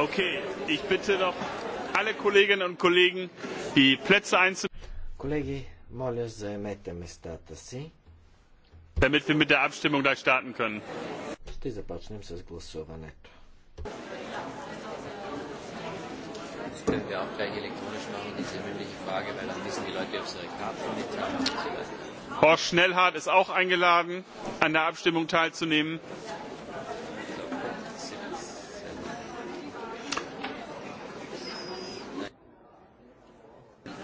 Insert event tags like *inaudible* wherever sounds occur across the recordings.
Okay, ich bitte noch alle Kolleginnen und Kollegen, die Plätze einzunehmen. Damit wir mit der Abstimmung gleich starten können. Das können wir auch gleich elektronisch machen, diese mündliche Frage, weil dann wissen die Leute, ob sie ihre Karte mit Horst Schnellhardt ist auch eingeladen, an der Abstimmung teilzunehmen.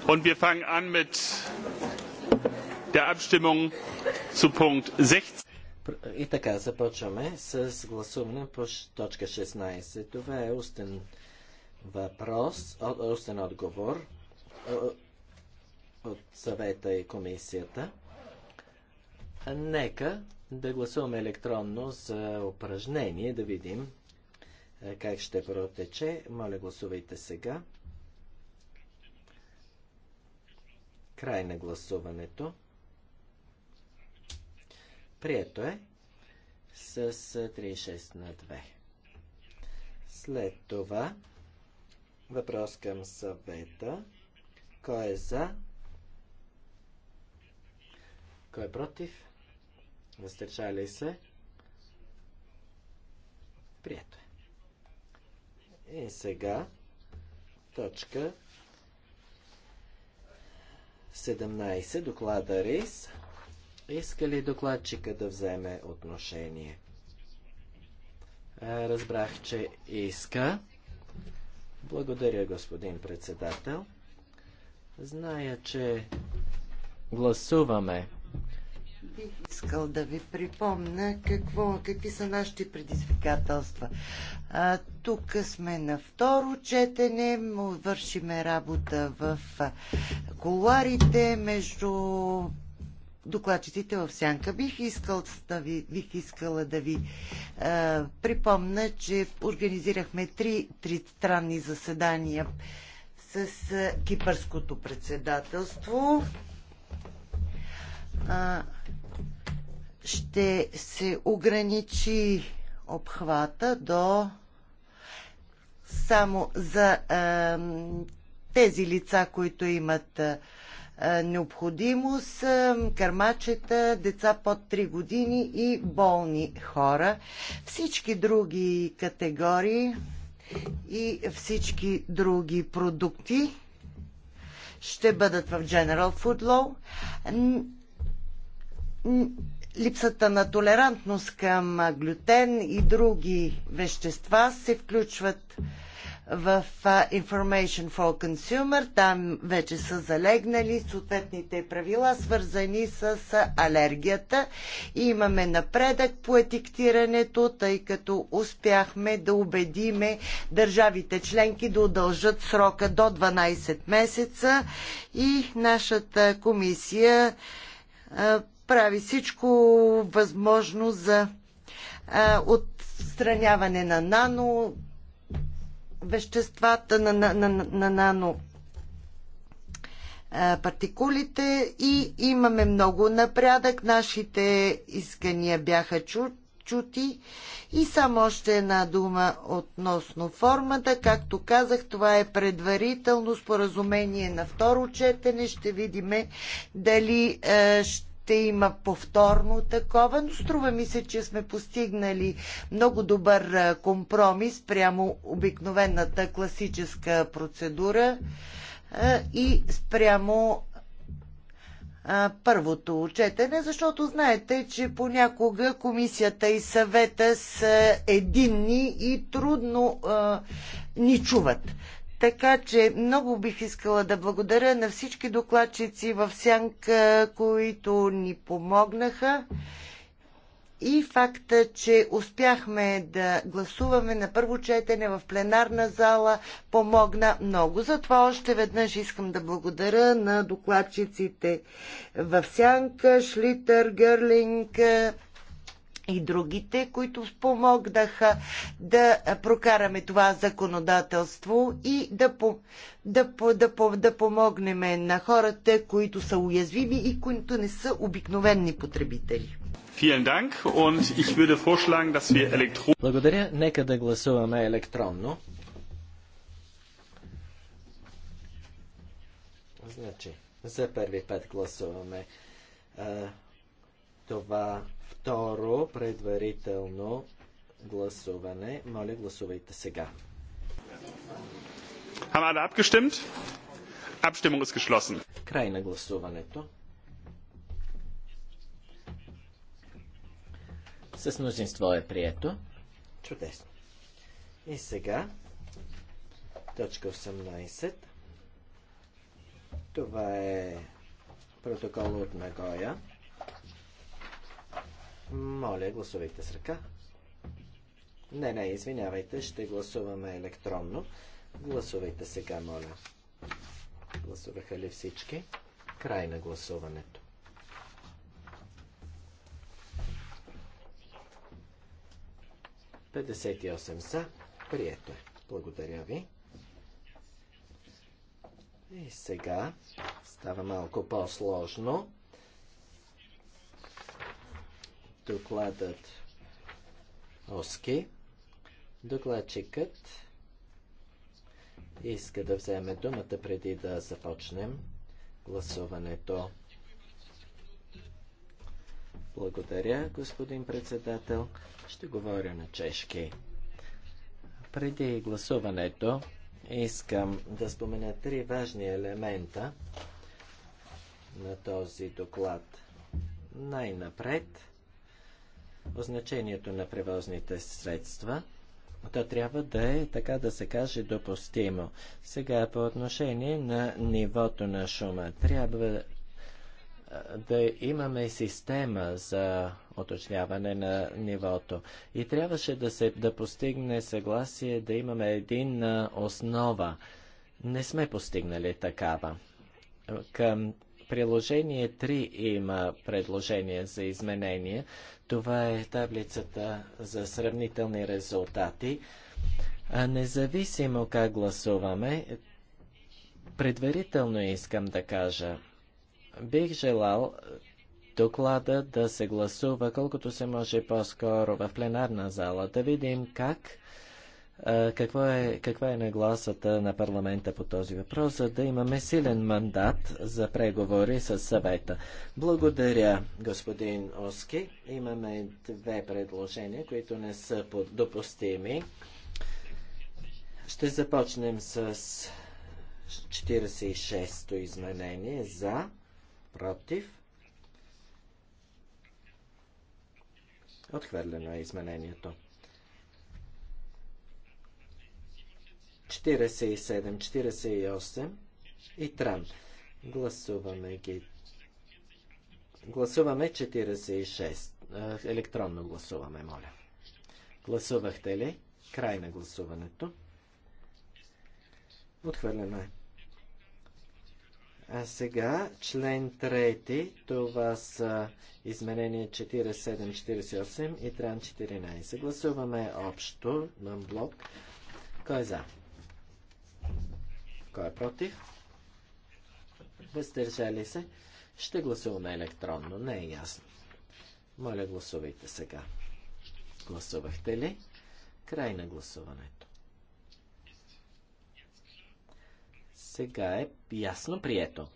Und wir fangen an mit der Abstimmung zu Punkt 16. И така, започваме с гласуване по точка 16. Това е устен въпрос, устен отговор от съвета и комисията. Нека да гласуваме електронно за упражнение, да видим е, как ще протече. Моля, гласувайте сега. Край на гласуването. Прието е с 36 на 2. След това въпрос към съвета. Кой е за? Кой е против? Въздържали се? Прието е. И сега точка 17. Доклада РИС. Иска ли докладчика да вземе отношение? Разбрах, че иска. Благодаря, господин председател. Зная, че гласуваме бих искал да ви припомня какво, какви са нашите предизвикателства. А, тук сме на второ четене, вършиме работа в колуарите между докладчиците в сянка. Бих, искал да ви, бих искала да ви а, припомня, че организирахме три, три странни заседания с а, кипърското председателство. А, ще се ограничи обхвата до само за а, тези лица, които имат а, необходимост, кърмачета, деца под 3 години и болни хора. Всички други категории и всички други продукти ще бъдат в General Food Law липсата на толерантност към глютен и други вещества се включват в Information for Consumer. Там вече са залегнали съответните правила, свързани с алергията. И имаме напредък по етиктирането, тъй като успяхме да убедиме държавите членки да удължат срока до 12 месеца и нашата комисия прави всичко възможно за отстраняване на нано веществата, на, на, на, на нано партикулите и имаме много напрядък. Нашите искания бяха чу, чути. И само още една дума относно формата. Както казах, това е предварително споразумение на второ четене. Ще видим дали е, ще ще има повторно такова, но струва ми се, че сме постигнали много добър компромис прямо обикновената класическа процедура и спрямо първото четене, защото знаете, че понякога комисията и съвета са единни и трудно а, ни чуват. Така че много бих искала да благодаря на всички докладчици в Сянка, които ни помогнаха. И факта, че успяхме да гласуваме на първо четене в пленарна зала, помогна много. Затова още веднъж искам да благодаря на докладчиците в Сянка, Шлитър, Гърлинг, и другите, които спомогнаха да прокараме това законодателство и да, по, да, по, да, по, да помогнем на хората, които са уязвими и които не са обикновени потребители. Благодаря. Нека да гласуваме електронно. Значи, за първи път гласуваме а, това Второ, предварително гласуване. Моля, гласувайте сега. Haben alle abgestimmt? Abstimmung ist geschlossen. Край на гласуването. С мнозинство е прието. Чудесно. И сега, точка 18. Това е протокол от Нагоя. Моля, гласувайте с ръка. Не, не, извинявайте, ще гласуваме електронно. Гласувайте сега, моля. Гласуваха ли всички? Край на гласуването. Петдесет са. Прието е. Благодаря ви. И сега става малко по-сложно. докладът ОСКИ. Докладчикът иска да вземе думата преди да започнем гласуването. Благодаря, господин председател. Ще говоря на чешки. Преди гласуването искам да спомена три важни елемента на този доклад. Най-напред значението на превозните средства. То трябва да е, така да се каже, допустимо. Сега по отношение на нивото на шума. Трябва да имаме система за уточняване на нивото. И трябваше да се да постигне съгласие да имаме един основа. Не сме постигнали такава. Към приложение 3 има предложение за изменение. Това е таблицата за сравнителни резултати. А независимо как гласуваме, предварително искам да кажа, бих желал доклада да се гласува колкото се може по-скоро в пленарна зала, да видим как какво е, каква е нагласата на парламента по този въпрос, за да имаме силен мандат за преговори с съвета? Благодаря, господин Оски. Имаме две предложения, които не са допустими. Ще започнем с 46-то изменение за, против. Отхвърлено е изменението. 47, 48 и Тран. Гласуваме ги. Гласуваме 46. Електронно гласуваме, моля. Гласувахте ли? Край на гласуването. Отхвърлено е. А сега член 3, това са изменения 47, 48 и тран 14. Гласуваме общо на блок. Кой е за? Кой е против? Въздържали се? Ще гласуваме електронно. Не е ясно. Моля, гласувайте сега. Гласувахте ли? Край на гласуването. Сега е ясно прието.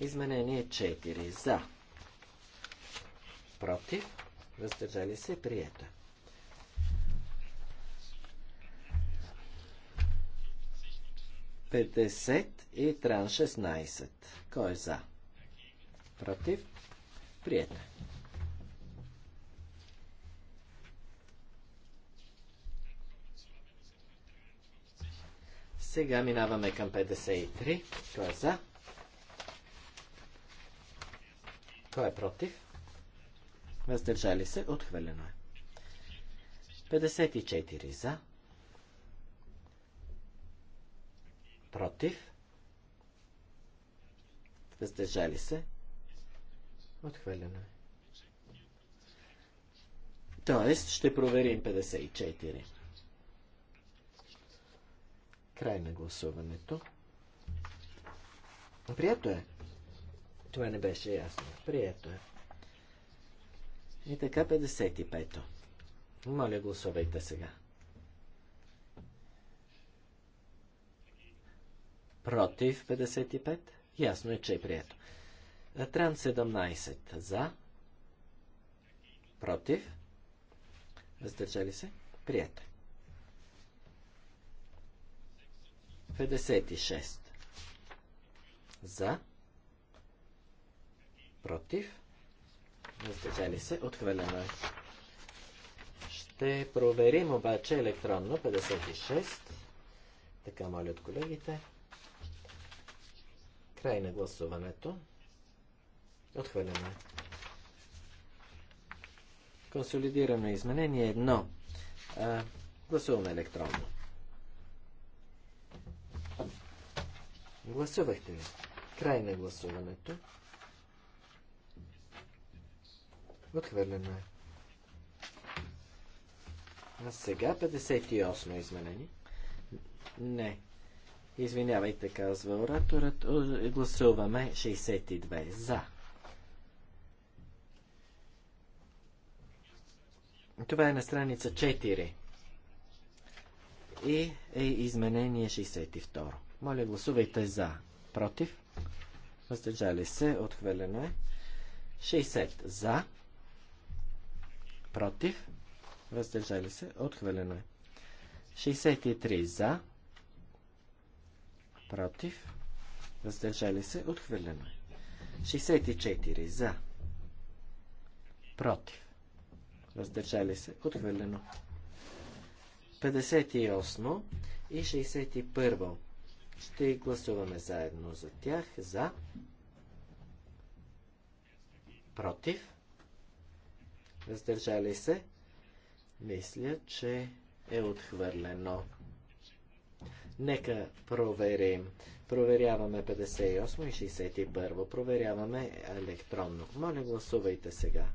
Изменение 4. За. Против. Въздържали се. Прието. 50 и Тран 16. Кой е за? Против? Приятно. Е. Сега минаваме към 53. Кой е за? Кой е против? Въздържали се? Отхвърлено е. 54 за. против, въздържали се, отхвърлено е. Тоест, ще проверим 54. Край на гласуването. Прието е. Това не беше ясно. Прието е. И така 55-то. Моля, гласувайте сега. против 55, ясно е, че е прието. Тран 17 за, против, въздържали се, прието. 56 за, против, въздържали се, отхвърлено е. Ще проверим обаче електронно 56. Така моля от колегите. Край на гласуването. Отхвърляме. Консолидираме изменение 1. А, гласуваме електронно. Гласувахте ли? Край на гласуването. Отхвърлено е. А сега 58 изменение. Не. Извинявайте, казва ораторът. Гласуваме 62 за. Това е на страница 4 и е изменение 62. Моля, гласувайте за. Против. Въздържали се. Отхвърлено е. 60 за. Против. Въздържали се. Отхвърлено е. 63 за против, въздържали се, отхвърлено е. 64 за, против, въздържали се, отхвърлено. 58 и 61 ще гласуваме заедно за тях, за, против, въздържали се, мисля, че е отхвърлено. Нека проверим. Проверяваме 58 и 61. Проверяваме електронно. Моля, гласувайте сега.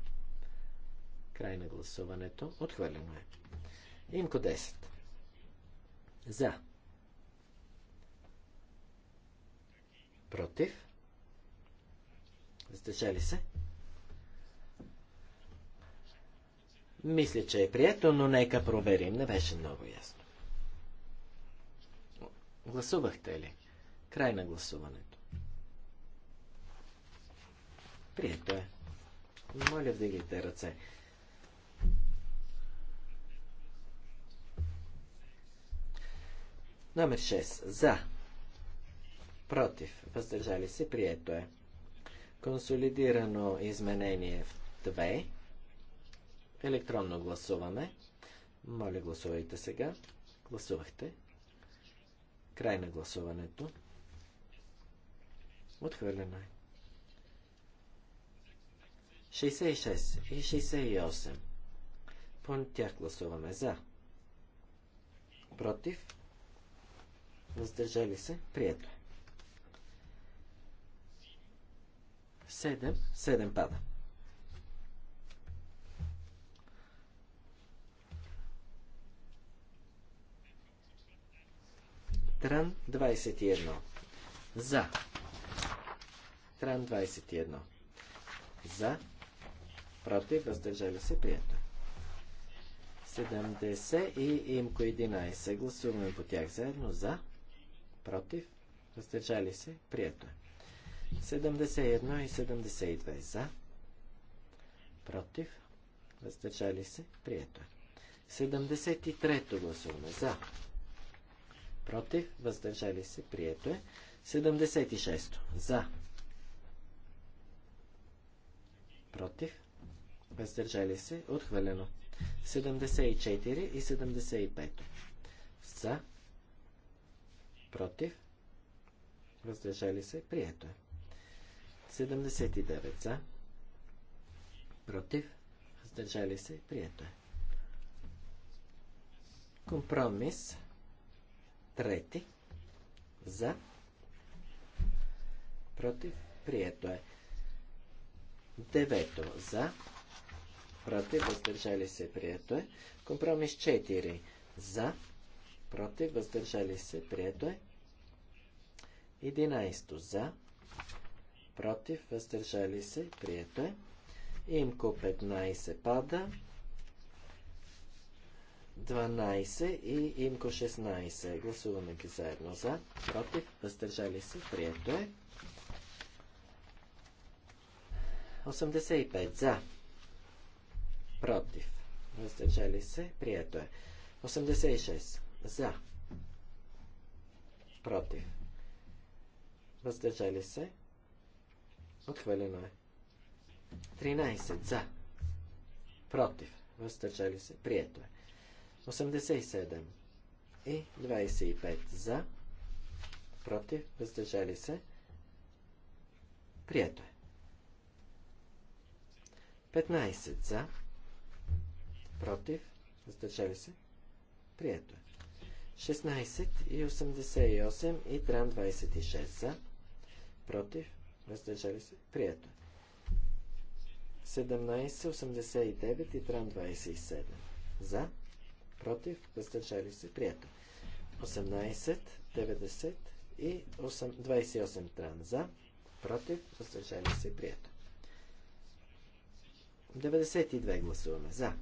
Край на гласуването. Отхвърлено е. Имко 10. За. Против. Въздържали се. Мисля, че е прието, но нека проверим. Не беше много ясно. Гласувахте ли? Край на гласуването. Прието е. Моля, вдигайте ръце. Номер 6. За. Против. Въздържали се. Прието е. Консолидирано изменение в 2. Електронно гласуваме. Моля, гласувайте сега. Гласувахте. Край на гласуването. Отхвърлено е. 66 и 68. По тях гласуваме за. Против. Въздържали се. Прието. 7. Е. 7 пада. Тран 21. За. Тран 21. За. Против. Въздържали се. Прието. 70 и имко 11. Гласуваме по тях заедно. За. Против. Въздържали се. Прието. 71 и 72. За. Против. Въздържали се. Прието. 73 гласуваме. За против, въздържали се, прието е. 76 за, против, въздържали се, отхвърлено. 74 и 75 за, против, въздържали се, прието е. 79 за, против, въздържали се, прието е. Компромис Трети. За. Против. Прието е. Девето. За. Против. Въздържали се. Прието е. Компромис 4. За. Против. Въздържали се. Прието е. 11. За. Против. Въздържали се. Прието е. Имко 15 пада. 12 и имко 16. Гласуваме ги заедно за, против, въздържали се, прието е. 85 за, против, въздържали се, прието е. 86 за, против, въздържали се, отхвърлено е. 13 за, против, въздържали се, прието е. 87 и 25 за, против, въздържали се, прието е. 15 за, против, въздържали се, прието е. 16 и 88 и трам 26 за, против, въздържали се, прието е. 17, 89 и трам 27 за, против, въздържали се, прието. 18, 90 и 8, 28 тран за, против, въздържали се, прието. 92 гласуваме за,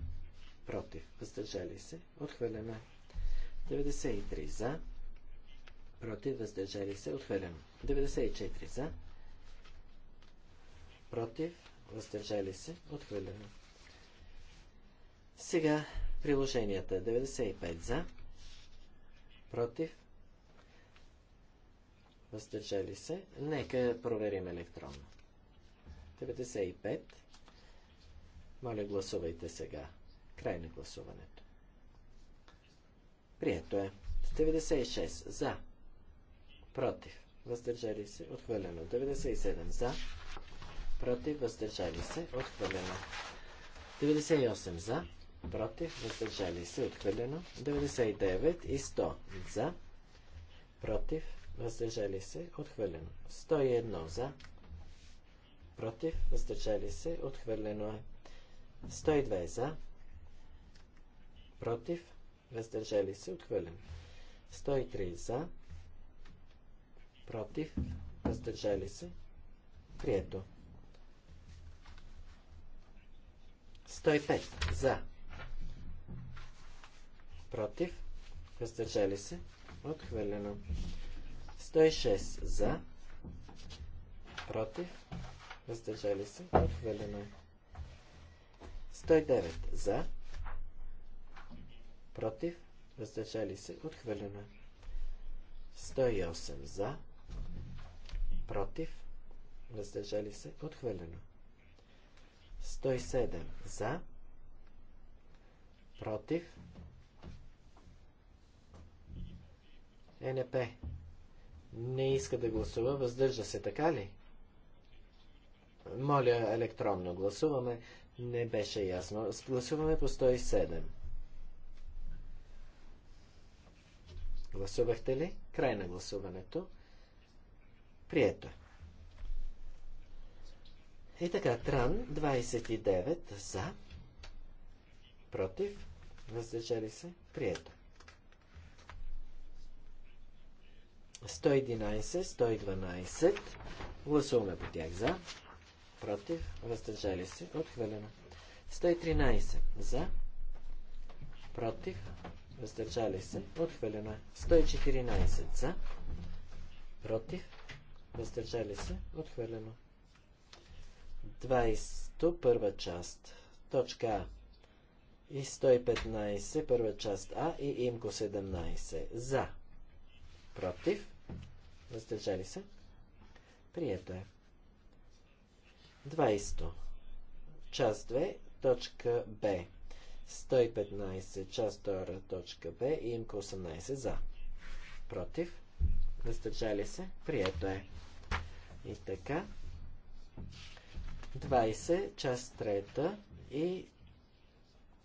против, въздържали се, отхвърляме. 93 за, против, въздържали се, отхвърляме. 94 за, против, въздържали се, отхвърляме. Сега Приложенията 95 за, против, въздържали се. Нека проверим електронно. 95. Моля, гласувайте сега. Край на гласуването. Прието е. 96 за, против, въздържали се, отхвърлено. 97 за, против, въздържали се, отхвърлено. 98 за, против, въздържали се, отхвърлено. 99 и 100 за, против, въздържали се, отхвърлено. 101 за, против, въздържали се, отхвърлено е. 102 за, против, въздържали се, отхвърлено. 103 за, против, въздържали се, прието. 105 за, против, въздържали се, отхвърлено. 106 за, против, въздържали се, отхвърлено. 109 за, против, въздържали се, отхвърлено. 108 за, против, въздържали се, отхвърлено. 107 за, против, НП не иска да гласува, въздържа се, така ли? Моля, електронно гласуваме. Не беше ясно. Гласуваме по 107. Гласувахте ли? Край на гласуването. Прието. Е. И така, Тран 29 за, против, въздържали се, прието. 111, 112. Гласуваме по тях за. Против. Въздържали се. Отхвърлено. 113. За. Против. Въздържали се. Отхвърлено. 114. За. Против. Въздържали се. Отхвърлено. 20. Първа част. Точка А. И 115. Първа част А. И имко 17. За. Против. Въздържали се. Прието е. 20. Част 2. Точка Б. 115. Част 2. Точка Б. И имко 18. За. Против. Въздържали се. Прието е. И така. 20. Част 3. И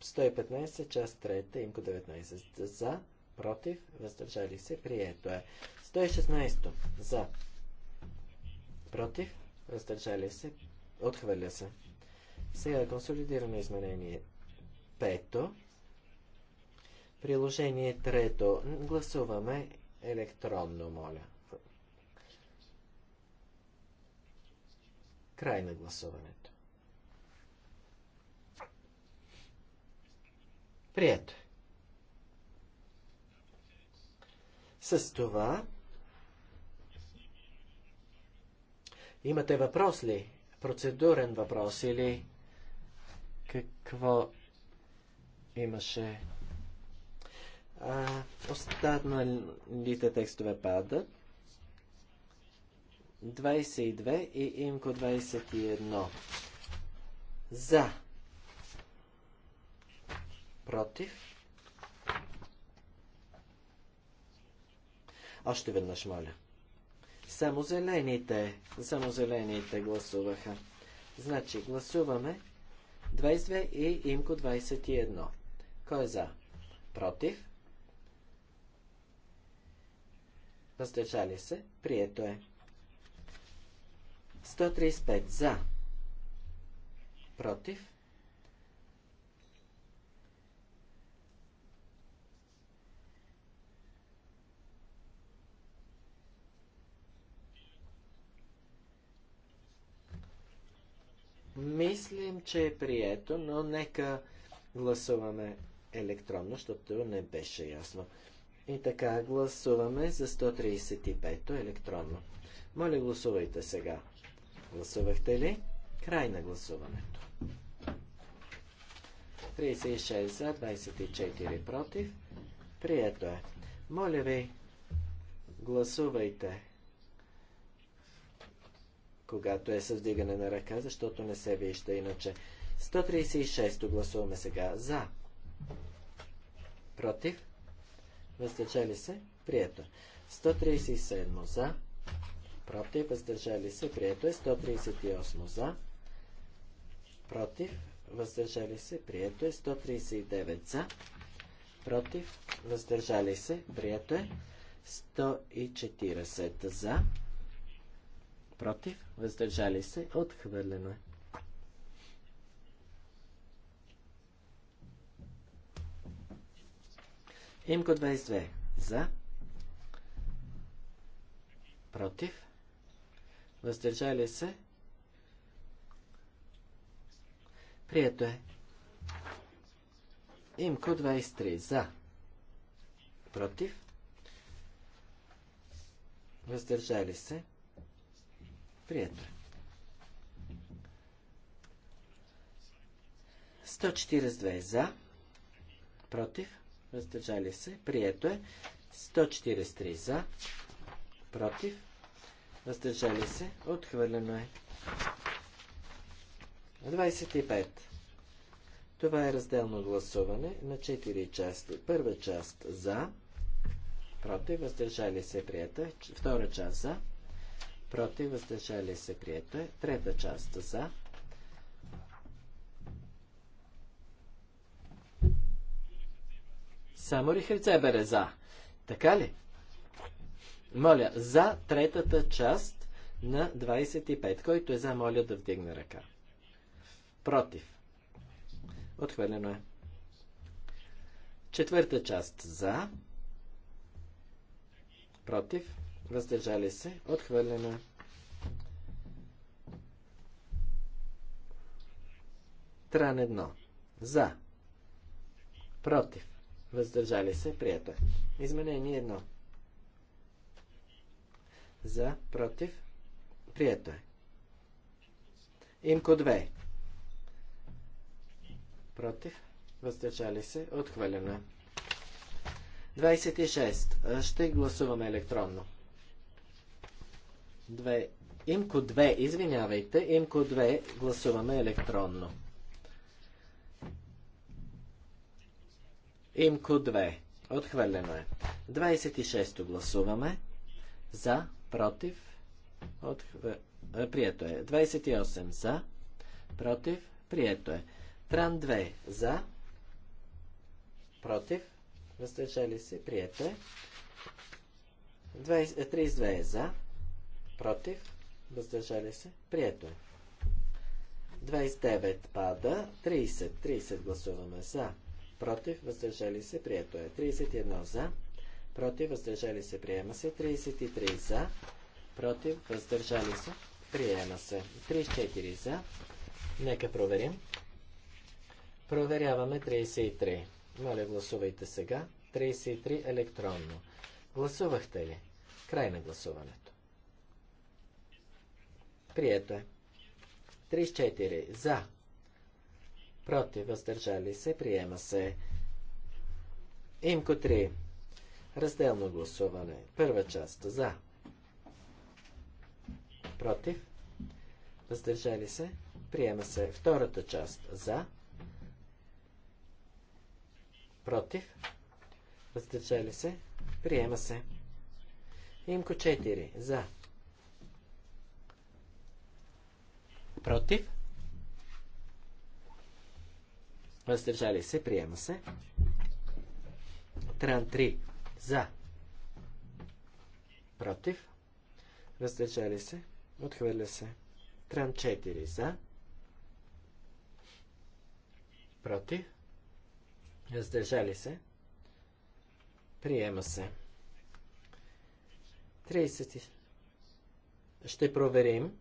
115. Част 3. Имко 19. За против, въздържали се, прието е. 116 за, против, въздържали се, отхвърля се. Сега консолидирано изменение 5. Приложение 3. Гласуваме електронно, моля. Край на гласуването. Прието е. С това имате въпрос ли? Процедурен въпрос или какво имаше? А, останалите текстове падат. 22 и имко 21. За. Против. Още веднъж моля. Само зелените, само зелените гласуваха. Значи гласуваме 22 и имко 21. Кой е за? Против? Въздържали се? Прието е. 135 за. Против? Мислим, че е прието, но нека гласуваме електронно, защото не беше ясно. И така, гласуваме за 135-то електронно. Моля, гласувайте сега. Гласувахте ли? Край на гласуването. 36 за, 24 против. Прието е. Моля ви, гласувайте когато е съвдигане на ръка, защото не се вижда иначе. 136 гласуваме сега. За. Против. Въздържали се. Прието. 137 е. за. Против. Въздържали се. Прието е. 138 за. Против. Въздържали се. Прието е. 139 за. Против. Въздържали се. Прието е. 140 за против, въздържали се, отхвърлено е. Имко 22. За. Против. Въздържали се. Прието е. Имко 23. За. Против. Въздържали се. Прието. 142 е. е за, против, въздържали се, прието е. 143 за, против, въздържали се, отхвърлено е. 25. Това е разделно гласуване на 4 части. Първа част за, против, въздържали се, прието е. Втора част за, против, въздържали се, прието е. Трета част за, Само ли Себер е за. Така ли? Моля, за третата част на 25. Който е за, моля да вдигне ръка. Против. Отхвърлено е. Четвърта част за. Против въздържали се, отхвърлено. Тран едно. За. Против. Въздържали се. Прието. Е. Изменение едно. За. Против. Прието е. Имко две. Против. Въздържали се. Отхвърлено е. 26. Ще гласуваме електронно. 2. Имко 2, извинявайте, Имко 2 гласуваме електронно. Имко 2. Отхвърлено е. 26-то гласуваме. За, против. Отхвър... Е, прието е. 28 за, против. Прието е. Тран 2 за, против. Въздържали се. Прието е. 32 е за, против, въздържали се, прието е. 29 пада, 30, 30 гласуваме за, против, въздържали се, прието е. 31 за, против, въздържали се, приема се. 33 за, против, въздържали се, приема се. 34 за, нека проверим. Проверяваме 33. Моля, гласувайте сега. 33 електронно. Гласувахте ли? Край на гласуването. Прието е. 34. За. Против. Въздържали се. Приема се. Имко 3. Разделно гласуване. Първа част. За. Против. Въздържали се. Приема се. Втората част. За. Против. Въздържали се. Приема се. Имко 4. За. Против? Въздържали се, приема се. Тран 3. За. Против. Въздържали се. Отхвърля се. Тран 4. За. Против. Въздържали се. Приема се. 30. Ще проверим.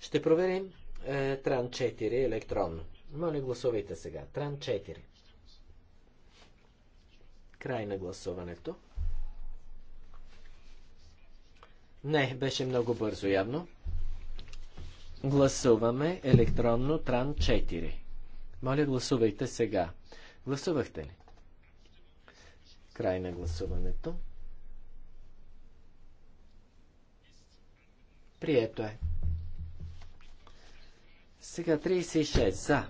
Ще проверим е, Тран 4 електронно. Моля, гласувайте сега. Тран 4. Край на гласуването. Не, беше много бързо явно. Гласуваме електронно Тран 4. Моля, гласувайте сега. Гласувахте ли? Край на гласуването. Прието е. Сега 36 за.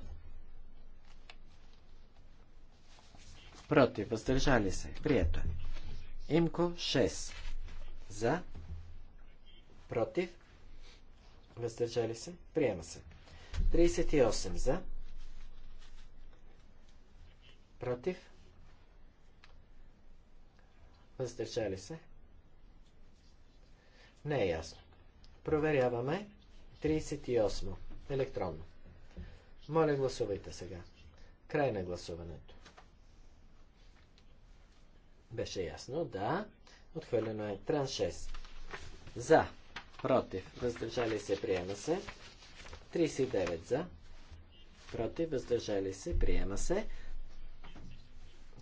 Против, въздържали се. Прието е. Имко 6 за. Против, въздържали се. Приема се. 38 за. Против, въздържали се. Не е ясно. Проверяваме. 38 електронно. Моля, гласувайте сега. Край на гласуването. Беше ясно, да. Отхвърлено е тран 6. За, против, въздържали се, приема се. 39 за, против, въздържали се, приема се.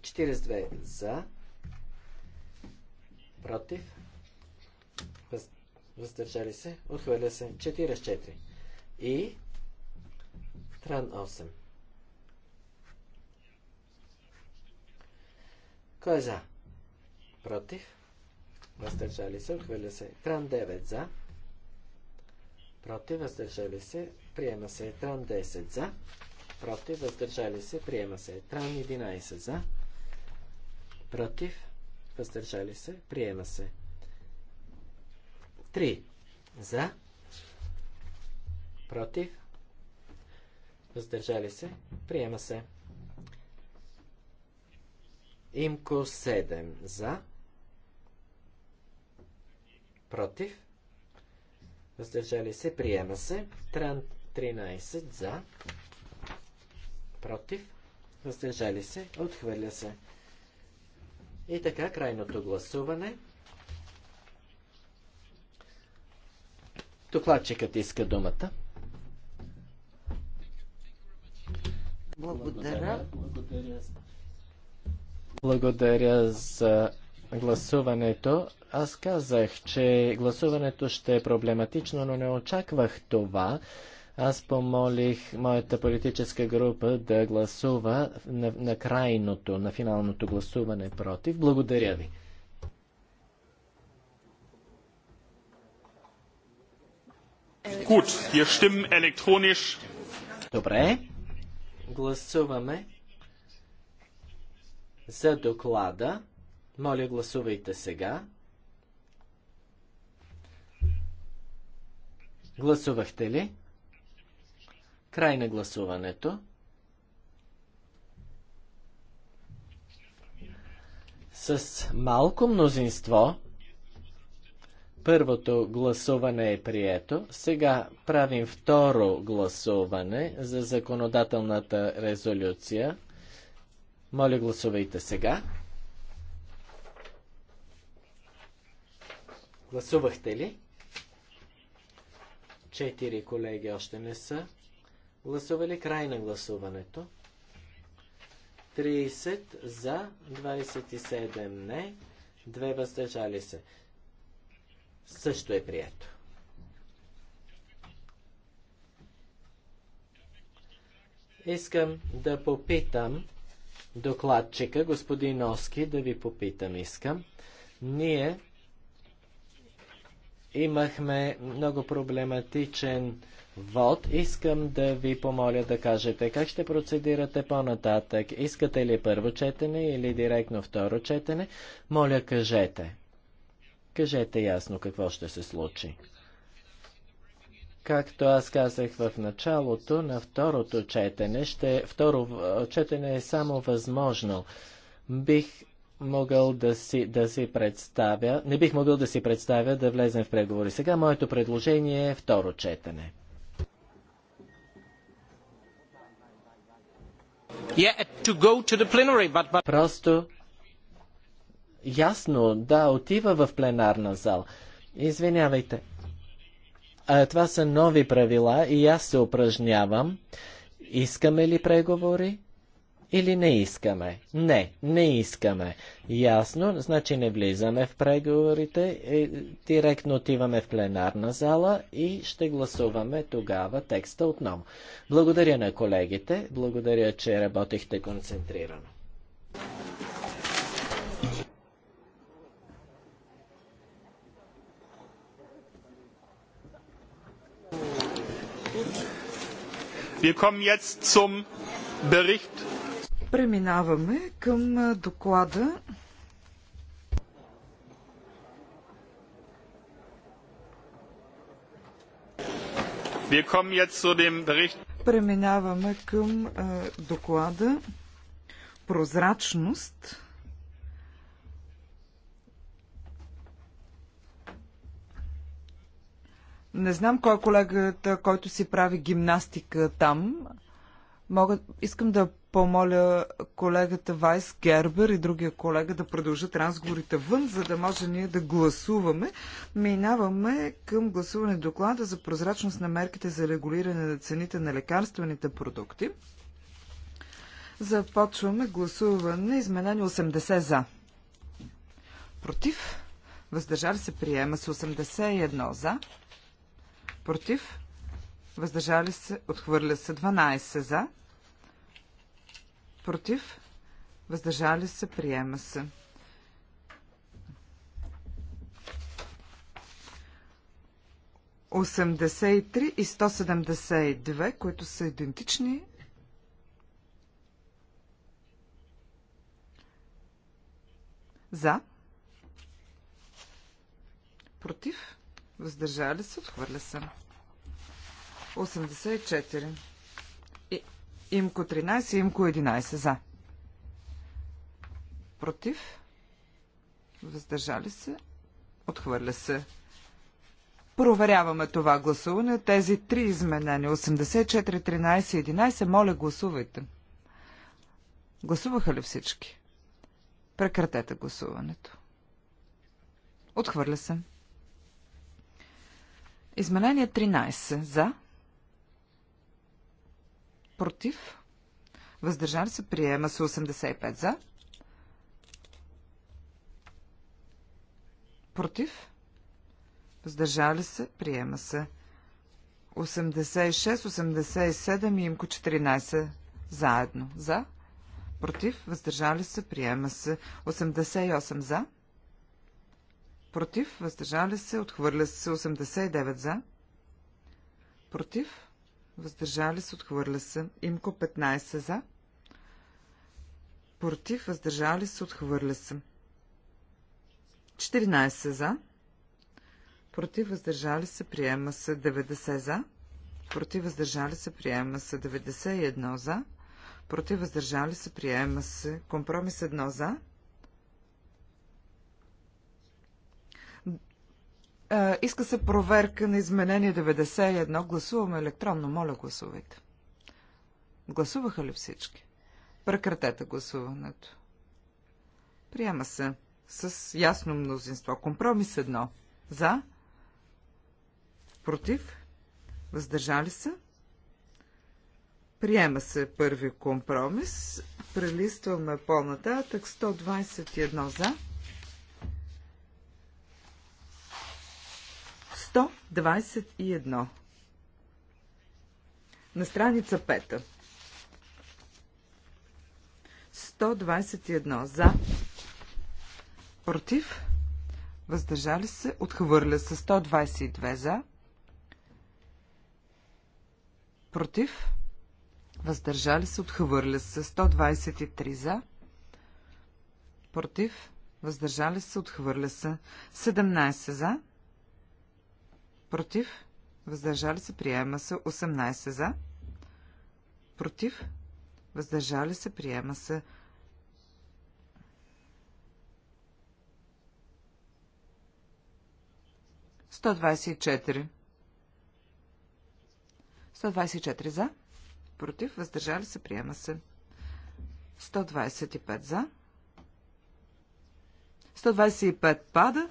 42 за, против, въздържали се, отхвърля се. 44 и Тран 8. Кой е за? Против? Въздържали се, отхвърля се. Тран 9 за. Против, въздържали се, приема се. Тран 10 за. Против, въздържали се, приема се. Тран 11 за. Против, въздържали се, приема се. 3 за против, въздържали се, приема се. Имко 7 за, против, въздържали се, приема се. Тран 13 за, против, въздържали се, отхвърля се. И така, крайното гласуване. Докладчикът иска думата. Благодаря. Благодаря за гласуването. Аз казах, че гласуването ще е проблематично, но не очаквах това. Аз помолих моята политическа група да гласува на, на крайното, на финалното гласуване против. Благодаря ви. wir stimmen Добре. Гласуваме за доклада. Моля, гласувайте сега. Гласувахте ли? Край на гласуването. С малко мнозинство Първото гласуване е прието. Сега правим второ гласуване за законодателната резолюция. Моля, гласувайте сега. Гласувахте ли? Четири колеги още не са. Гласували край на гласуването. 30 за, 27 не, 2 въздържали се също е прието. Искам да попитам докладчика, господин Оски, да ви попитам искам. Ние имахме много проблематичен вод. Искам да ви помоля да кажете как ще процедирате по-нататък. Искате ли първо четене или директно второ четене? Моля, кажете. Кажете ясно какво ще се случи. Както аз казах в началото, на второто четене, ще, второ четене е само възможно. Бих могъл да си, да си представя, не бих могъл да си представя да влезем в преговори. Сега моето предложение е второ четене. Yeah, to to plenary, but... Просто Ясно, да, отива в пленарна зала. Извинявайте. А, това са нови правила и аз се упражнявам. Искаме ли преговори? Или не искаме? Не, не искаме. Ясно, значи не влизаме в преговорите, е, директно отиваме в пленарна зала и ще гласуваме тогава текста отново. Благодаря на колегите, благодаря, че работихте концентрирано. Wir kommen jetzt Bericht. Преминаваме към доклада Преминаваме към доклада Прозрачност. Не знам кой е колегата, който си прави гимнастика там. Мога... Искам да помоля колегата Вайс Гербер и другия колега да продължат разговорите вън, за да може ние да гласуваме. Минаваме към гласуване доклада за прозрачност на мерките за регулиране на цените на лекарствените продукти. Започваме гласуване. Изменени 80 за. Против. Въздържали се приема с 81 за против, въздържали се, отхвърля се 12 за, против, въздържали се, приема се. Осемдесет и три и сто седемдесет и две, които са идентични, За. Против. Въздържали се, отхвърля се. 84. имко 13, имко 11 за. Против. Въздържали се. Отхвърля се. Проверяваме това гласуване. Тези три изменения 84, 13, 11. Моля, гласувайте. Гласуваха ли всички? Прекратете гласуването. Отхвърля се. Изменение 13. За. Против. Въздържали се. Приема се 85. За. Против. Въздържали се. Приема се. 86, 87 и имко 14 заедно. За. Против. Въздържали се. Приема се. 88 за. Против. Въздържали се. Отхвърля се. 89 за. Против. Въздържали се. Отхвърля се. Имко 15 за. Против. Въздържали се. Отхвърля се. 14 за. Против. Въздържали се. Приема се. 90 за. Против. Въздържали се. Приема се. 91 за. Против. Въздържали се. Приема се. Компромис 1 за А, е, иска се проверка на изменение 91. Гласуваме електронно. Моля, гласувайте. Гласуваха ли всички? Прекратете гласуването. Приема се с ясно мнозинство. Компромис едно. За. Против. Въздържали се. Приема се първи компромис. Прелистваме по-нататък. 121 за. 21. На страница 5. 121. За. Против. Въздържали се. Отхвърля се. 122. За. Против. Въздържали се. Отхвърля се. 123. За. Против. Въздържали се. Отхвърля се. 17. За. Против. Въздържали се. Приема се. 18 за. Против. Въздържали се. Приема се. 124. 124 за. Против. Въздържали се. Приема се. 125 за. 125 пада.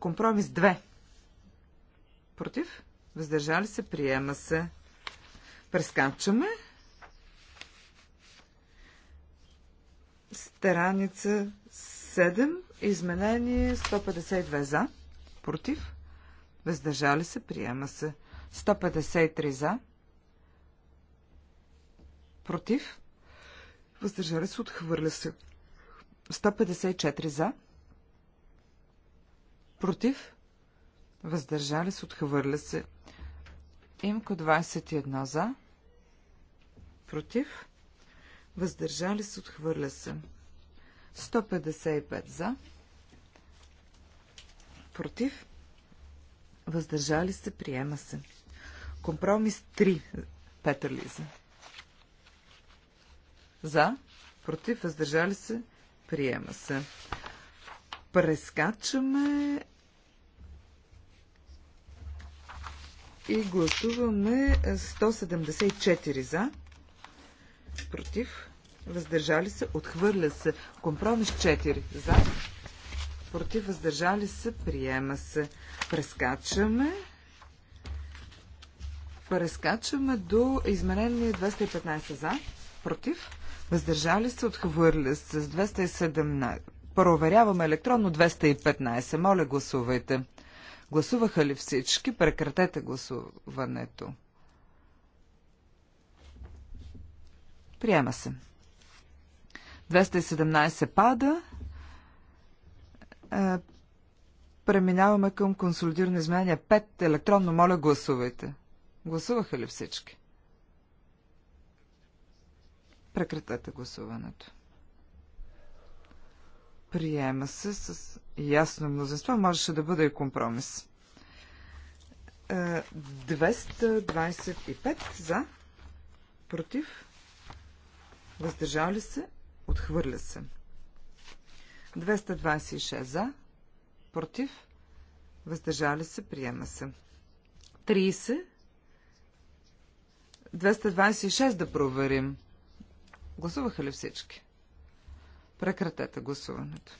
Компромис 2. Против? Въздържали се? Приема се. Прескачаме. Страница 7. Изменение 152 за. Против? Въздържали се? Приема се. 153 за. Против? Въздържали се? Отхвърля се. 154 за. Против? въздържали се, отхвърля се. Имко 21 за, против, въздържали се, отхвърля се. 155 за, против, въздържали се, приема се. Компромис 3, Петър Лиза. За, против, въздържали се, приема се. Прескачаме и гласуваме 174 за, против, въздържали се, отхвърля се. Компромис 4 за, против, въздържали се, приема се. Прескачаме. Прескачаме до изменение 215 за, против, въздържали се, отхвърля се с 217. Проверяваме електронно 215. Моля, гласувайте. Гласуваха ли всички? Прекратете гласуването. Приема се. 217 пада. Е, преминаваме към консолидирано изменение 5. Електронно, моля, гласувайте. Гласуваха ли всички? Прекратете гласуването. Приема се с ясно мнозинство. Можеше да бъде и компромис. 225 е, за, против, въздържали се, отхвърля се. 226 за, против, въздържали се, приема се. 30. 226 да проверим. Гласуваха ли всички? Прекратете гласуването.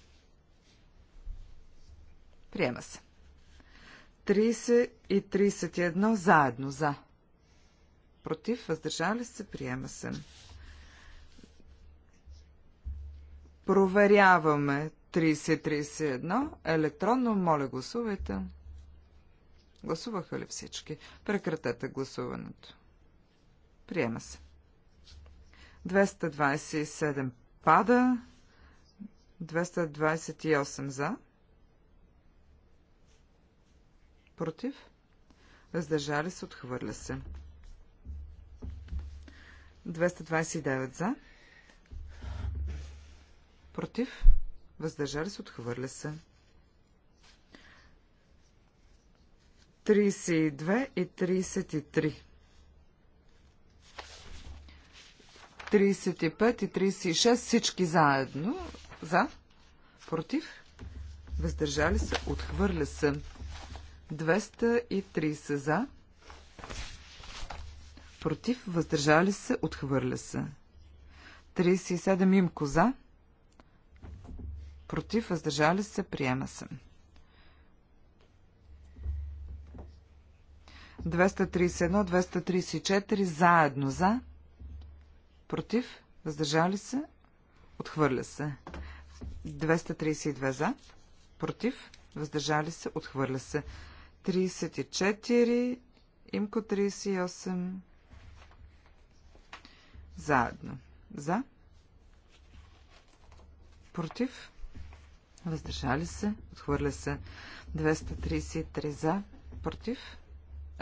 Приема се. 30 и 31 заедно за. Против, въздържали се, приема се. Проверяваме 3031. Електронно, моля, гласувайте. Гласуваха ли всички? Прекратете гласуването. Приема се. 227 пада. 228 за. Против. Въздържали се. Отхвърля се. 229 за. Против. Въздържали се. Отхвърля се. 32 и 33. 35 и 36 всички заедно за. Против. Въздържали се. Отхвърля се. 230 за. Против. Въздържали се. Отхвърля се. 37 имко за. Против. Въздържали се. Приема се. 231-234 заедно за. Против. Въздържали се. Отхвърля се. 232 за, против, въздържали се, отхвърля се. 34, имко 38, заедно. За, против, въздържали се, отхвърля се. 233 за, против,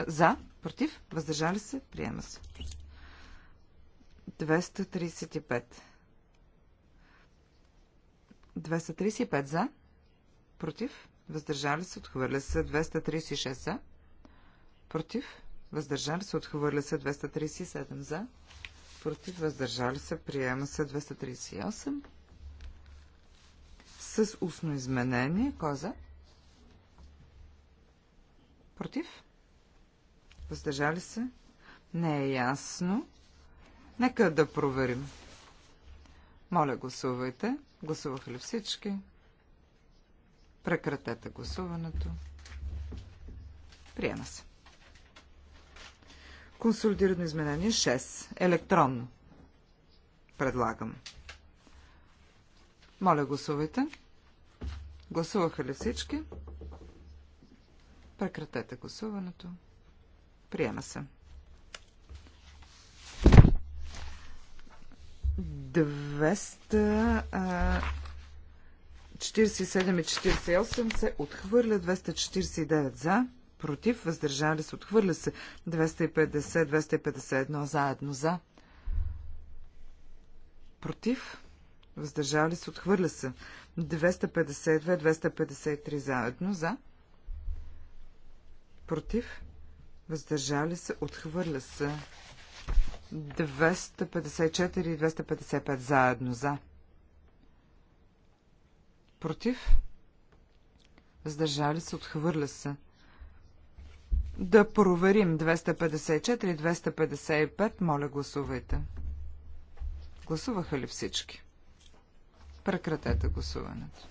за, против, въздържали се, приема се. 235 235 за. Против. Въздържали се. Отхвърля се. 236 за. Против. Въздържали се. Отхвърля се. 237 за. Против. Въздържали се. Приема се. 238. С устно изменение. Коза. Е за? Против. Въздържали се. Не е ясно. Нека да проверим. Моля, гласувайте. Гласуваха ли всички? Прекратете гласуването. Приема се. Консолидирано изменение 6. Електронно. Предлагам. Моля, гласувайте. Гласуваха ли всички? Прекратете гласуването. Приема се. 247 и 48 се отхвърля, 249 за, против, въздържали се, отхвърля се, 250, 251 заедно за, против, въздържали се, отхвърля се, 252, 253 заедно за, против, въздържали се, отхвърля се, 254 и 255 заедно за. Против? Въздържали се, отхвърля се. Да проверим 254 и 255. Моля, гласувайте. Гласуваха ли всички? Прекратете гласуването.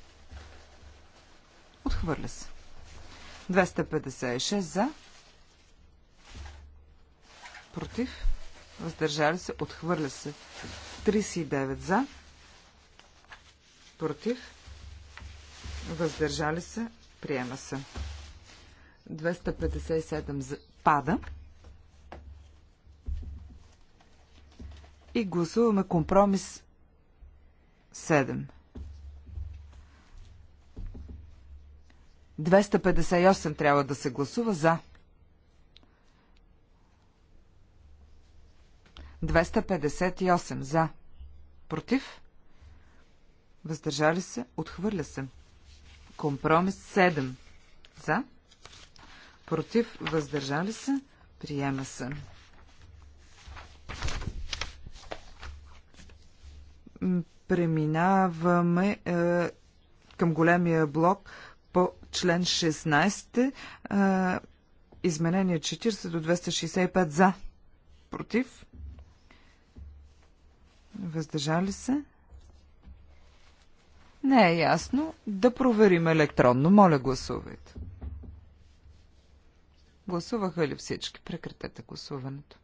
Отхвърля се. 256 за. Против? въздържали се, отхвърля се. 39 за, против, въздържали се, приема се. 257 за, пада. И гласуваме компромис 7. 258 трябва да се гласува за. 258 за. Против? Въздържали се? Отхвърля се. Компромис 7 за. Против? Въздържали се? Приема се. Преминаваме е, към големия блок по член 16. Е, изменение 40 до 265 за. Против? Въздържали се? Не е ясно. Да проверим електронно. Моля, гласувайте. Гласуваха ли всички? Прекратете гласуването.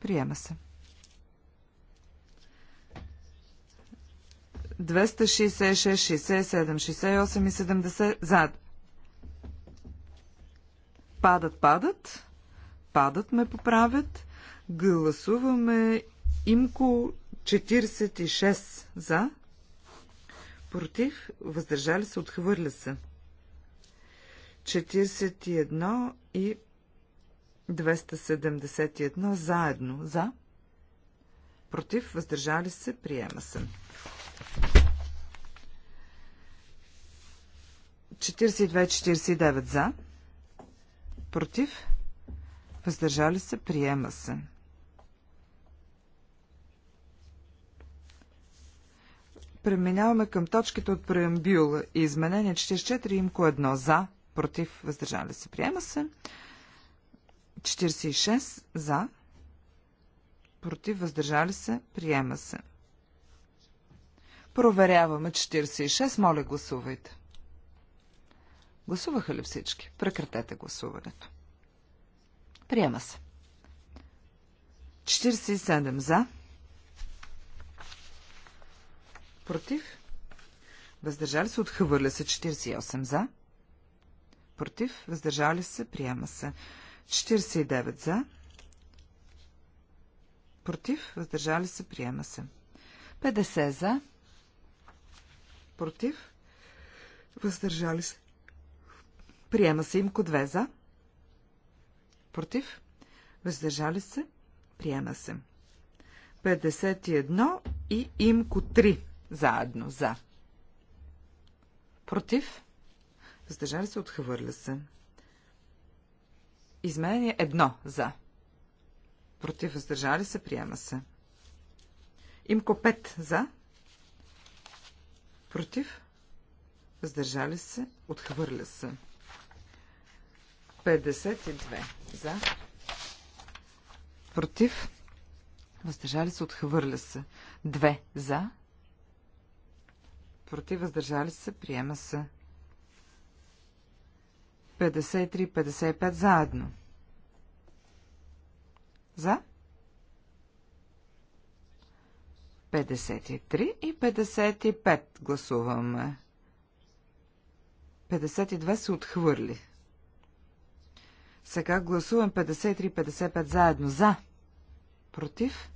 Приема се. 266, 67, 68 и 70 Зад. Падат, падат. Падат ме поправят. Гласуваме Имко 46 за, против, въздържали се, отхвърля се. 41 и 271 заедно за, против, въздържали се, приема се. 42-49 за, против, въздържали се, приема се. преминаваме към точките от преамбюла. Изменение 44, имко 1 за, против, въздържали се, приема се. 46 за, против, въздържали се, приема се. Проверяваме 46, моля гласувайте. Гласуваха ли всички? Прекратете гласуването. Приема се. 47 за, Против. Въздържали се. Отхвърля се. 48 за. Против. Въздържали се. Приема се. 49 за. Против. Въздържали се. Приема се. 50 за. Против. Въздържали се. Приема се имко 2 за. Против. Въздържали се. Приема се. 51 и имко 3 заедно за. Против. Въздържали се, отхвърля се. Изменение едно за. Против, въздържали се, приема се. Имко пет за. Против. Въздържали се, отхвърля се. 52 за. Против. Въздържали се, отхвърля се. 2 за против, въздържали се, приема се. 53-55 заедно. За? 53 и 55 гласуваме. 52 се отхвърли. Сега гласувам 53-55 заедно. За. Против.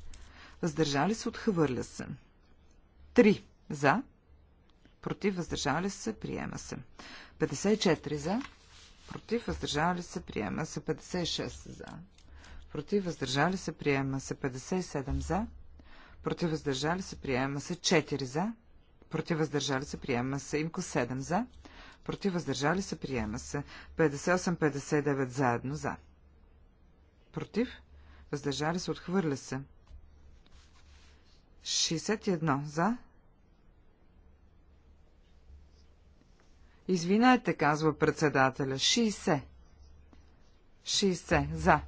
Въздържали се, отхвърля се. 3. За против, въздържали се, приема се. 54 за, против, въздържали се, приема се. 56 за, против, въздържали се, приема се. 57 за, против, въздържали се, приема се. 4 за, против, въздържали се, приема се. Имко 7 за, против, въздържали се, приема се. 58-59 заедно за. Против, въздържали се, отхвърля се. 61 за, Извинете, казва председателя. 60. 60. За.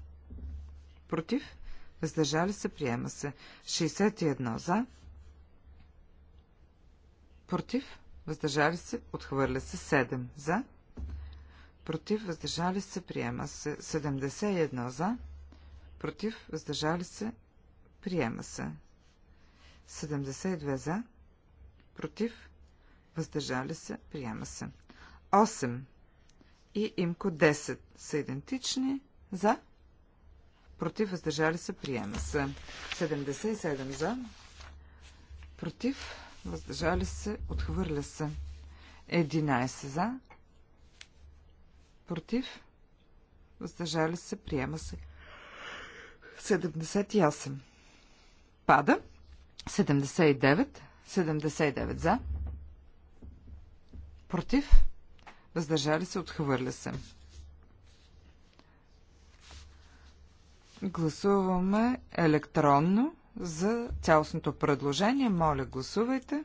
Против. Въздържали се. Приема се. 61. За. Против. Въздържали се. Отхвърля се. 7. За. Против. Въздържали се. Приема се. 71. За. Против. Въздържали се. Приема се. 72. За. Против. Въздържали се. Приема се. 8 и имко 10 са идентични за, против, въздържали се, приема са. 77 за, против, въздържали се, отхвърля се. 11 за, против, въздържали се, приема се. 78 пада. 79, 79 за, против, въздържали се, отхвърля се. Гласуваме електронно за цялостното предложение. Моля, гласувайте.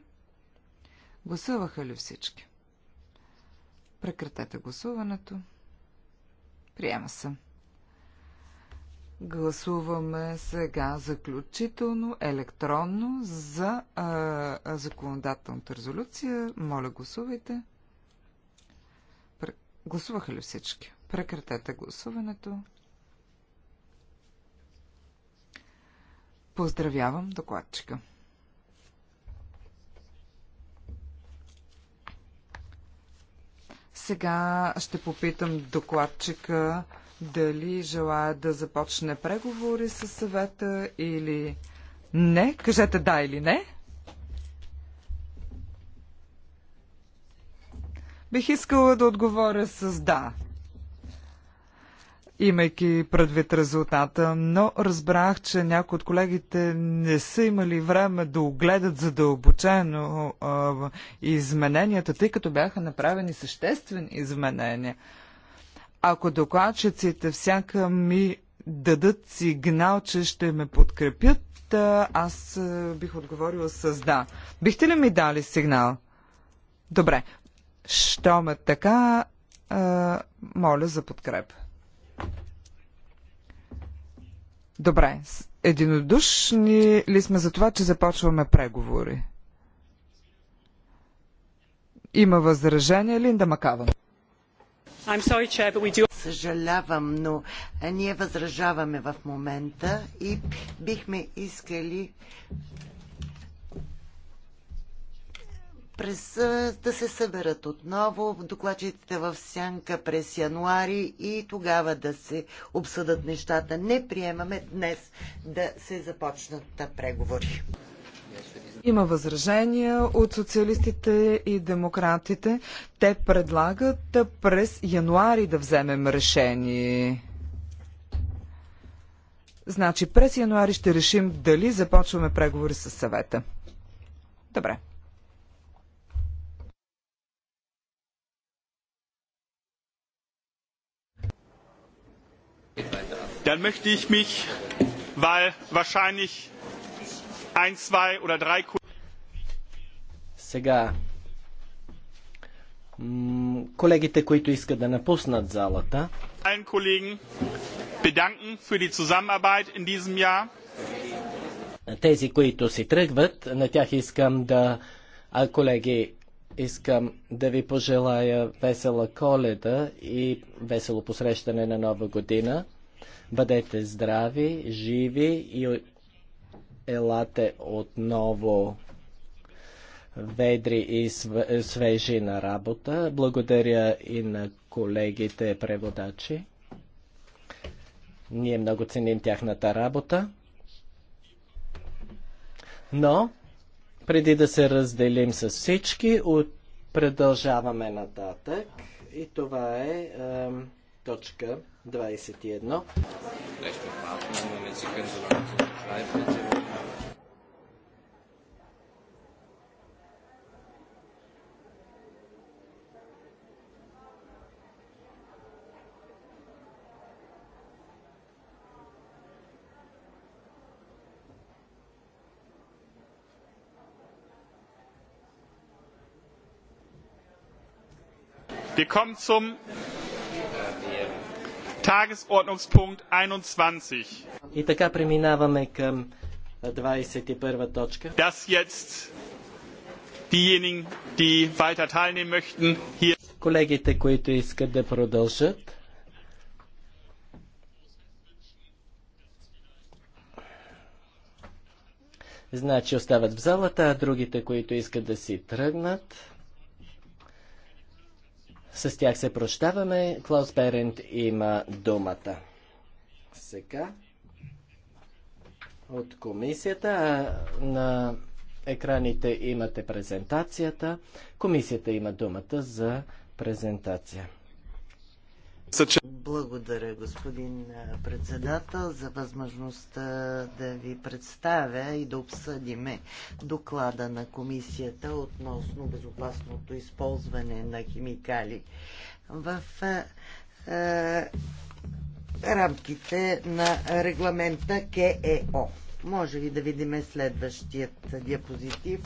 Гласуваха ли всички? Прекратете гласуването. Приема се. Гласуваме сега заключително, електронно за а, законодателната резолюция. Моля, гласувайте. Гласуваха ли всички? Прекратете гласуването. Поздравявам докладчика. Сега ще попитам докладчика дали желая да започне преговори с съвета или не. Кажете да или не. Бих искала да отговоря с да, имайки предвид резултата, но разбрах, че някои от колегите не са имали време да огледат задълбочено а, измененията, тъй като бяха направени съществени изменения. Ако докладчиците всяка ми дадат сигнал, че ще ме подкрепят, аз бих отговорила с да. Бихте ли ми дали сигнал? Добре, Що ме така, а, моля за подкрепа. Добре, единодушни ли сме за това, че започваме преговори? Има възражение Линда Макаван. Sorry, Chair, do... Съжалявам, но ние възражаваме в момента и бихме искали през, да се съберат отново докладчиците в сянка през януари и тогава да се обсъдат нещата. Не приемаме днес да се започнат преговори. Има възражения от социалистите и демократите. Те предлагат през януари да вземем решение. Значи през януари ще решим дали започваме преговори с съвета. Добре. dann möchte ich mich, weil wahrscheinlich ein, zwei oder drei Сега, колегите, които искат да напуснат залата, allen Kollegen bedanken für die Zusammenarbeit in diesem Jahr. Тези, които си тръгват, на тях искам да, а, колеги, искам да ви пожелая весела коледа и весело посрещане на нова година. Бъдете здрави, живи и елате отново ведри и свежи на работа. Благодаря и на колегите преводачи. Ние много ценим тяхната работа. Но, преди да се разделим с всички, от... продължаваме нататък. И това е, е Точка 21. Wir kommen zum Tagesordnungspunkt 21. така преминаваме към 21 точка. Das jetzt diejenigen, die weiter teilnehmen möchten, hier Колегите, които искат да продължат, значи остават в залата, а другите, които искат да си тръгнат, с тях се прощаваме. Клаус Берент има думата. Сега от комисията а на екраните имате презентацията. Комисията има думата за презентация. Благодаря, господин председател, за възможността да ви представя и да обсъдиме доклада на комисията относно безопасното използване на химикали в е, рамките на регламента КЕО. Може ли да видим следващият диапозитив?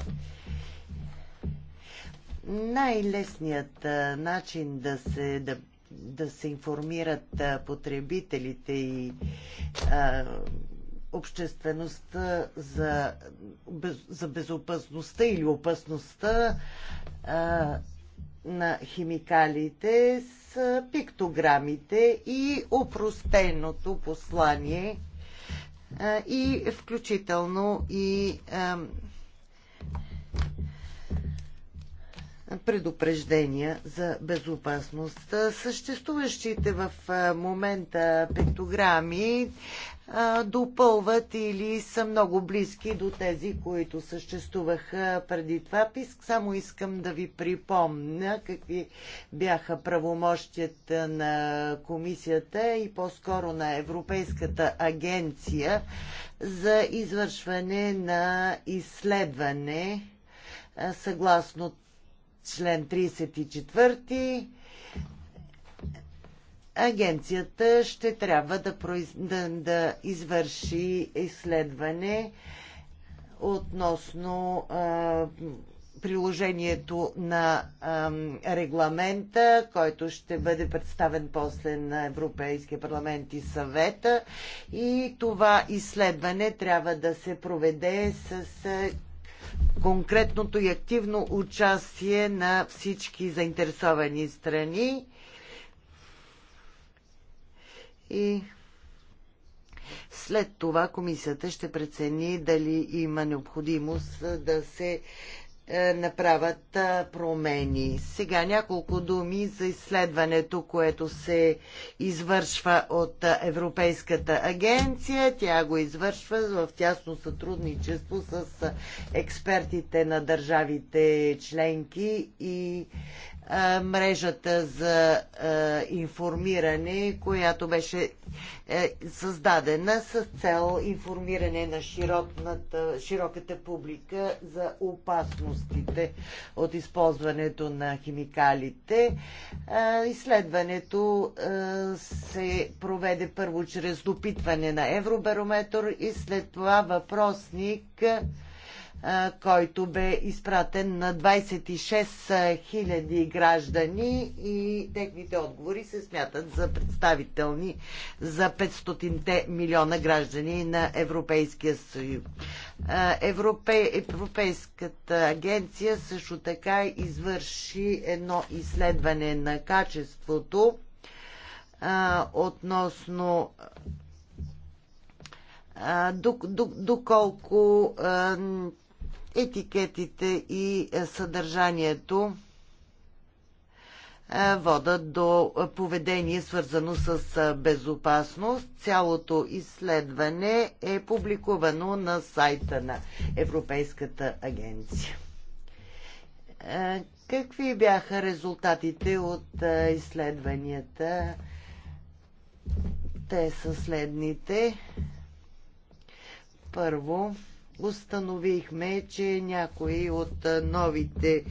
Най-лесният начин да се да да се информират потребителите и а, обществеността за, за безопасността или опасността а, на химикалите с пиктограмите и упростеното послание а, и включително и а, предупреждения за безопасност. Съществуващите в момента пиктограми допълват или са много близки до тези, които съществуваха преди това. Писк само искам да ви припомня какви бяха правомощията на комисията и по-скоро на Европейската агенция за извършване на изследване съгласно член 34 агенцията ще трябва да, произ... да, да извърши изследване относно а, приложението на а, регламента, който ще бъде представен после на Европейския парламент и съвета. И това изследване трябва да се проведе с конкретното и активно участие на всички заинтересовани страни. И след това комисията ще прецени дали има необходимост да се е, направят е, промени. Сега няколко думи за изследването, което се извършва от е, Европейската агенция. Тя го извършва в тясно сътрудничество с експертите на държавите членки и мрежата за информиране, която беше е, създадена с цел информиране на широката публика за опасностите от използването на химикалите. Изследването се проведе първо чрез допитване на Евробарометр и след това въпросник който бе изпратен на 26 000 граждани и техните отговори се смятат за представителни за 500 милиона граждани на Европейския съюз. Европейската агенция също така извърши едно изследване на качеството относно а, доколко етикетите и е, съдържанието е, водат до поведение, свързано с е, безопасност. Цялото изследване е публикувано на сайта на Европейската агенция. Какви бяха резултатите от изследванията? Те са следните. Първо, установихме, че някои от новите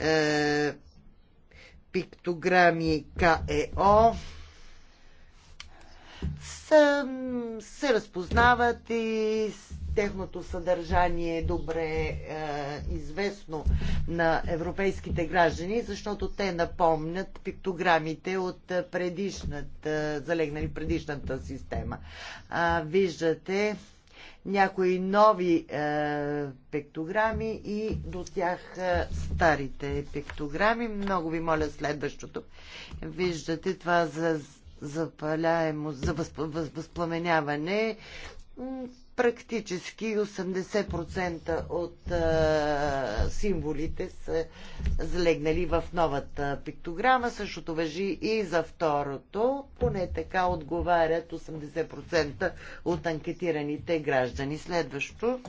е, пиктограми КЕО са, се разпознават и техното съдържание е добре е, известно на европейските граждани, защото те напомнят пиктограмите от предишната, залегнали предишната система. А, виждате някои нови е, пиктограми и до тях е, старите пиктограми. Много ви моля следващото. Виждате това за запаляемо, за възп, възпламеняване практически 80% от а, символите са залегнали в новата пиктограма. Същото въжи и за второто. Поне така отговарят 80% от анкетираните граждани. Следващо.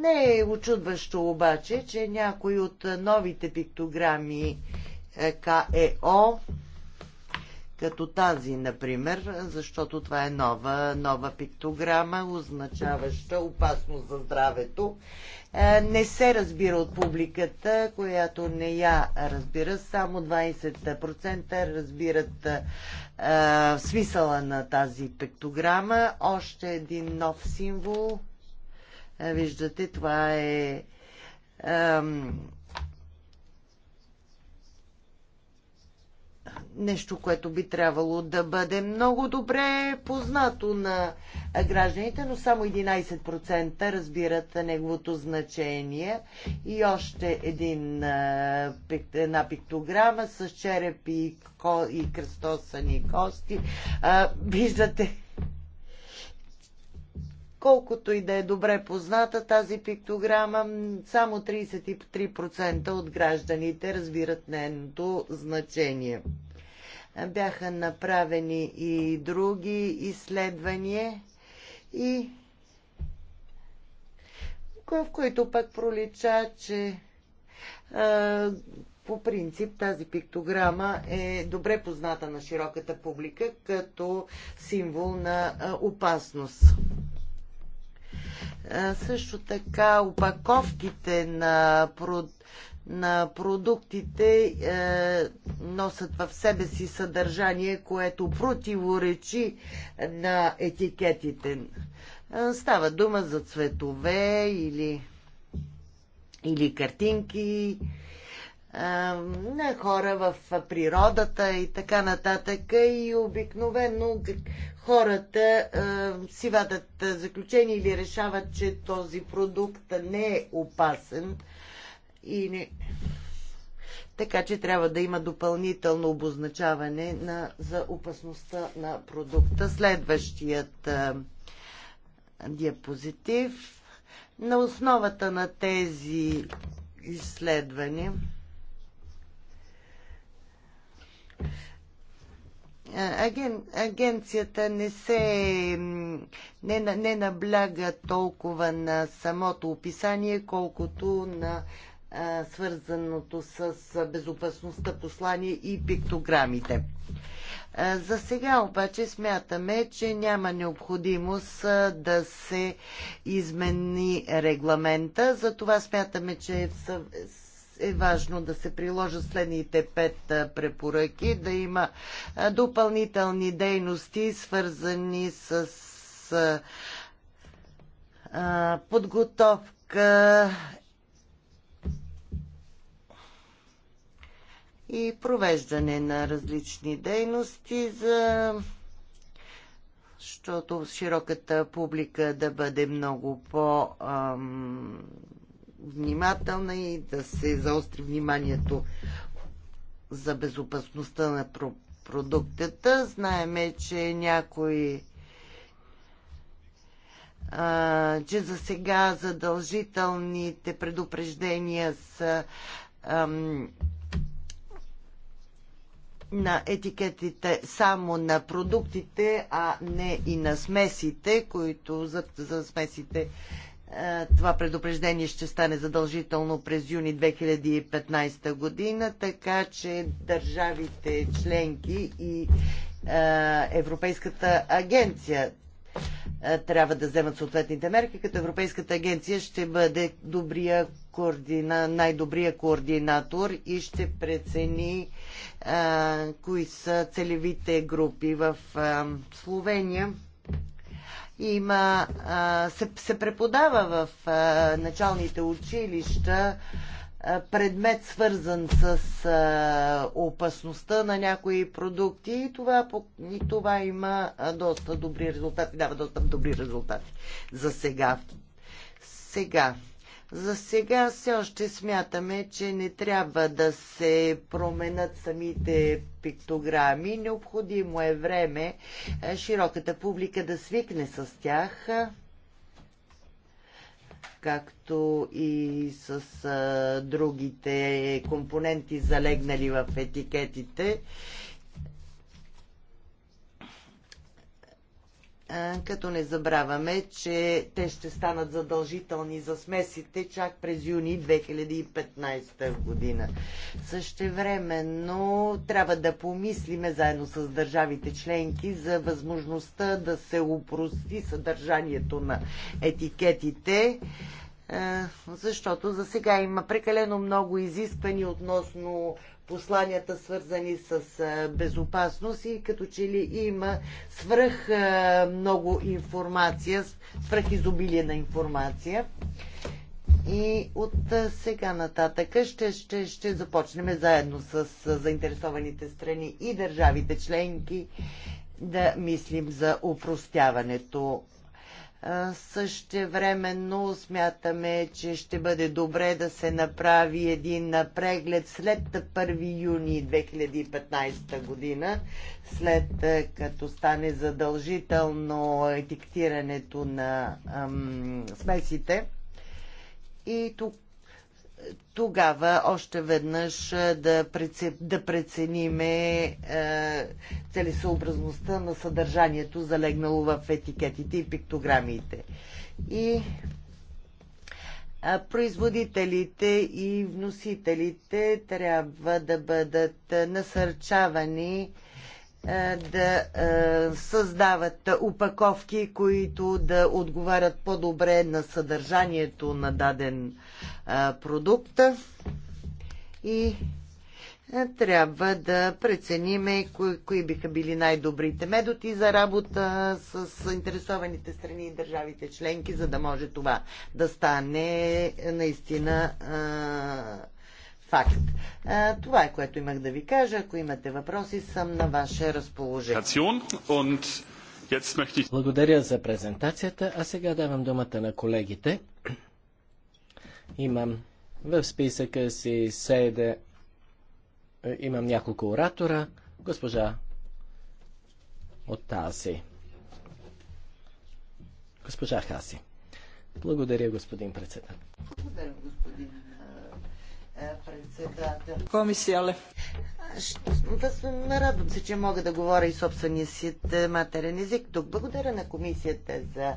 Не е очудващо обаче, че някои от новите пиктограми КЕО като тази, например, защото това е нова, нова пиктограма, означаваща опасност за здравето. Е, не се разбира от публиката, която не я разбира. Само 20% разбират а, е, смисъла на тази пиктограма. Още един нов символ. Е, виждате, това е нещо, което би трябвало да бъде много добре познато на гражданите, но само 11% разбират неговото значение. И още един, една пиктограма с черепи и кръстосани кости. Виждате Колкото и да е добре позната тази пиктограма, само 33% от гражданите разбират нейното значение. Бяха направени и други изследвания и в които пък пролича, че а, по принцип тази пиктограма е добре позната на широката публика като символ на опасност също така опаковките на, прод, на продуктите е, носят в себе си съдържание, което противоречи на етикетите. Става дума за цветове или, или картинки на хора в природата и така нататък. И обикновено хората а, си вадат заключение или решават, че този продукт не е опасен и не... Така че трябва да има допълнително обозначаване на, за опасността на продукта. Следващият а, диапозитив. На основата на тези изследвания Аген, агенцията не се не, не набляга толкова на самото описание, колкото на а, свързаното с безопасността послание и пиктограмите. А, за сега обаче смятаме, че няма необходимост а, да се измени регламента. Затова смятаме, че е в е важно да се приложат следните пет препоръки, да има допълнителни дейности, свързани с подготовка и провеждане на различни дейности за защото широката публика да бъде много по внимателна и да се заостри вниманието за безопасността на продуктата. Знаеме, че някои а, че за сега задължителните предупреждения са ам, на етикетите само на продуктите, а не и на смесите, които за, за смесите е, това предупреждение ще стане задължително през юни 2015 година, така че държавите членки и е, Европейската агенция е, трябва да вземат съответните мерки, като Европейската агенция ще бъде добрия координа, най-добрия координатор и ще прецени а, кои са целевите групи в а, Словения има, се, се преподава в началните училища предмет, свързан с опасността на някои продукти и това, и това има доста добри резултати, дава доста добри резултати за сега. Сега, за сега все още смятаме, че не трябва да се променят самите пиктограми. Необходимо е време е, широката публика да свикне с тях, е, както и с е, другите компоненти, залегнали в етикетите. като не забравяме, че те ще станат задължителни за смесите чак през юни 2015 година. Същевременно трябва да помислиме заедно с държавите членки за възможността да се упрости съдържанието на етикетите, защото за сега има прекалено много изисквания относно посланията, свързани с безопасност и като че ли има свръх много информация, свръх изобилие на информация. И от сега нататък ще, ще, ще започнем заедно с заинтересованите страни и държавите членки да мислим за упростяването Същевременно смятаме, че ще бъде добре да се направи един преглед след 1 юни 2015 година, след като стане задължително етиктирането на ам, смесите. И тук тогава още веднъж да, прецен, да прецениме е, целесообразността на съдържанието, залегнало в етикетите и пиктограмите. И производителите и вносителите трябва да бъдат насърчавани е, да е, създават упаковки, които да отговарят по-добре на съдържанието на даден е, продукт. И трябва да прецениме кои, кои биха били най-добрите методи за работа с интересованите страни и държавите членки, за да може това да стане наистина факт. Това е което имах да ви кажа. Ако имате въпроси, съм на ваше разположение. Благодаря за презентацията, а сега давам думата на колегите. Имам в списъка си седе е, имам няколко оратора. Госпожа от тази. Госпожа Хаси. Благодаря, господин председател. Благодаря, господин председател. Комисиале. Радвам се, че мога да говоря и собствения си матерен език. Тук благодаря на комисията за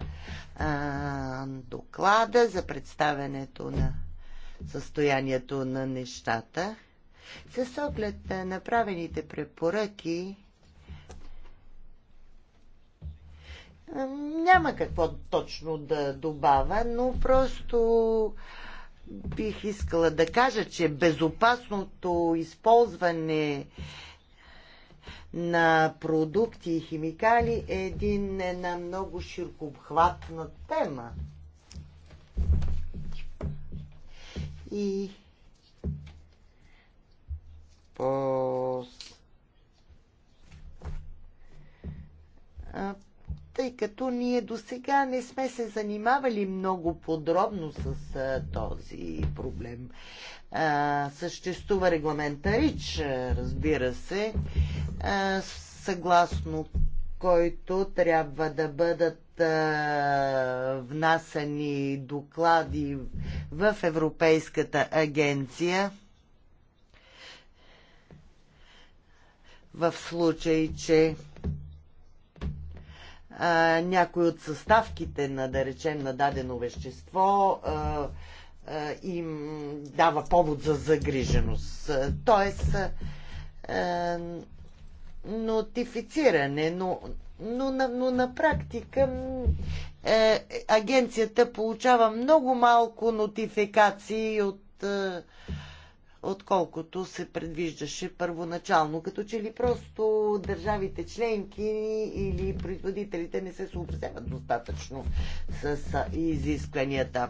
а, доклада, за представенето на състоянието на нещата. С оглед на направените препоръки, няма какво точно да добавя, но просто бих искала да кажа, че безопасното използване на продукти и химикали е един, една много широкообхватна тема. И по тъй като ние до сега не сме се занимавали много подробно с а, този проблем. А, съществува регламента РИЧ, разбира се, а, съгласно който трябва да бъдат а, внасани доклади в Европейската агенция. В случай, че а, някои от съставките на, да речем, на дадено вещество а, а, им дава повод за загриженост. Тоест, а, нотифициране, но, но, но, но на практика а, е, агенцията получава много малко нотификации от А, отколкото се предвиждаше първоначално. Като че ли просто държавите членки или производителите не се съобразяват достатъчно с изискванията.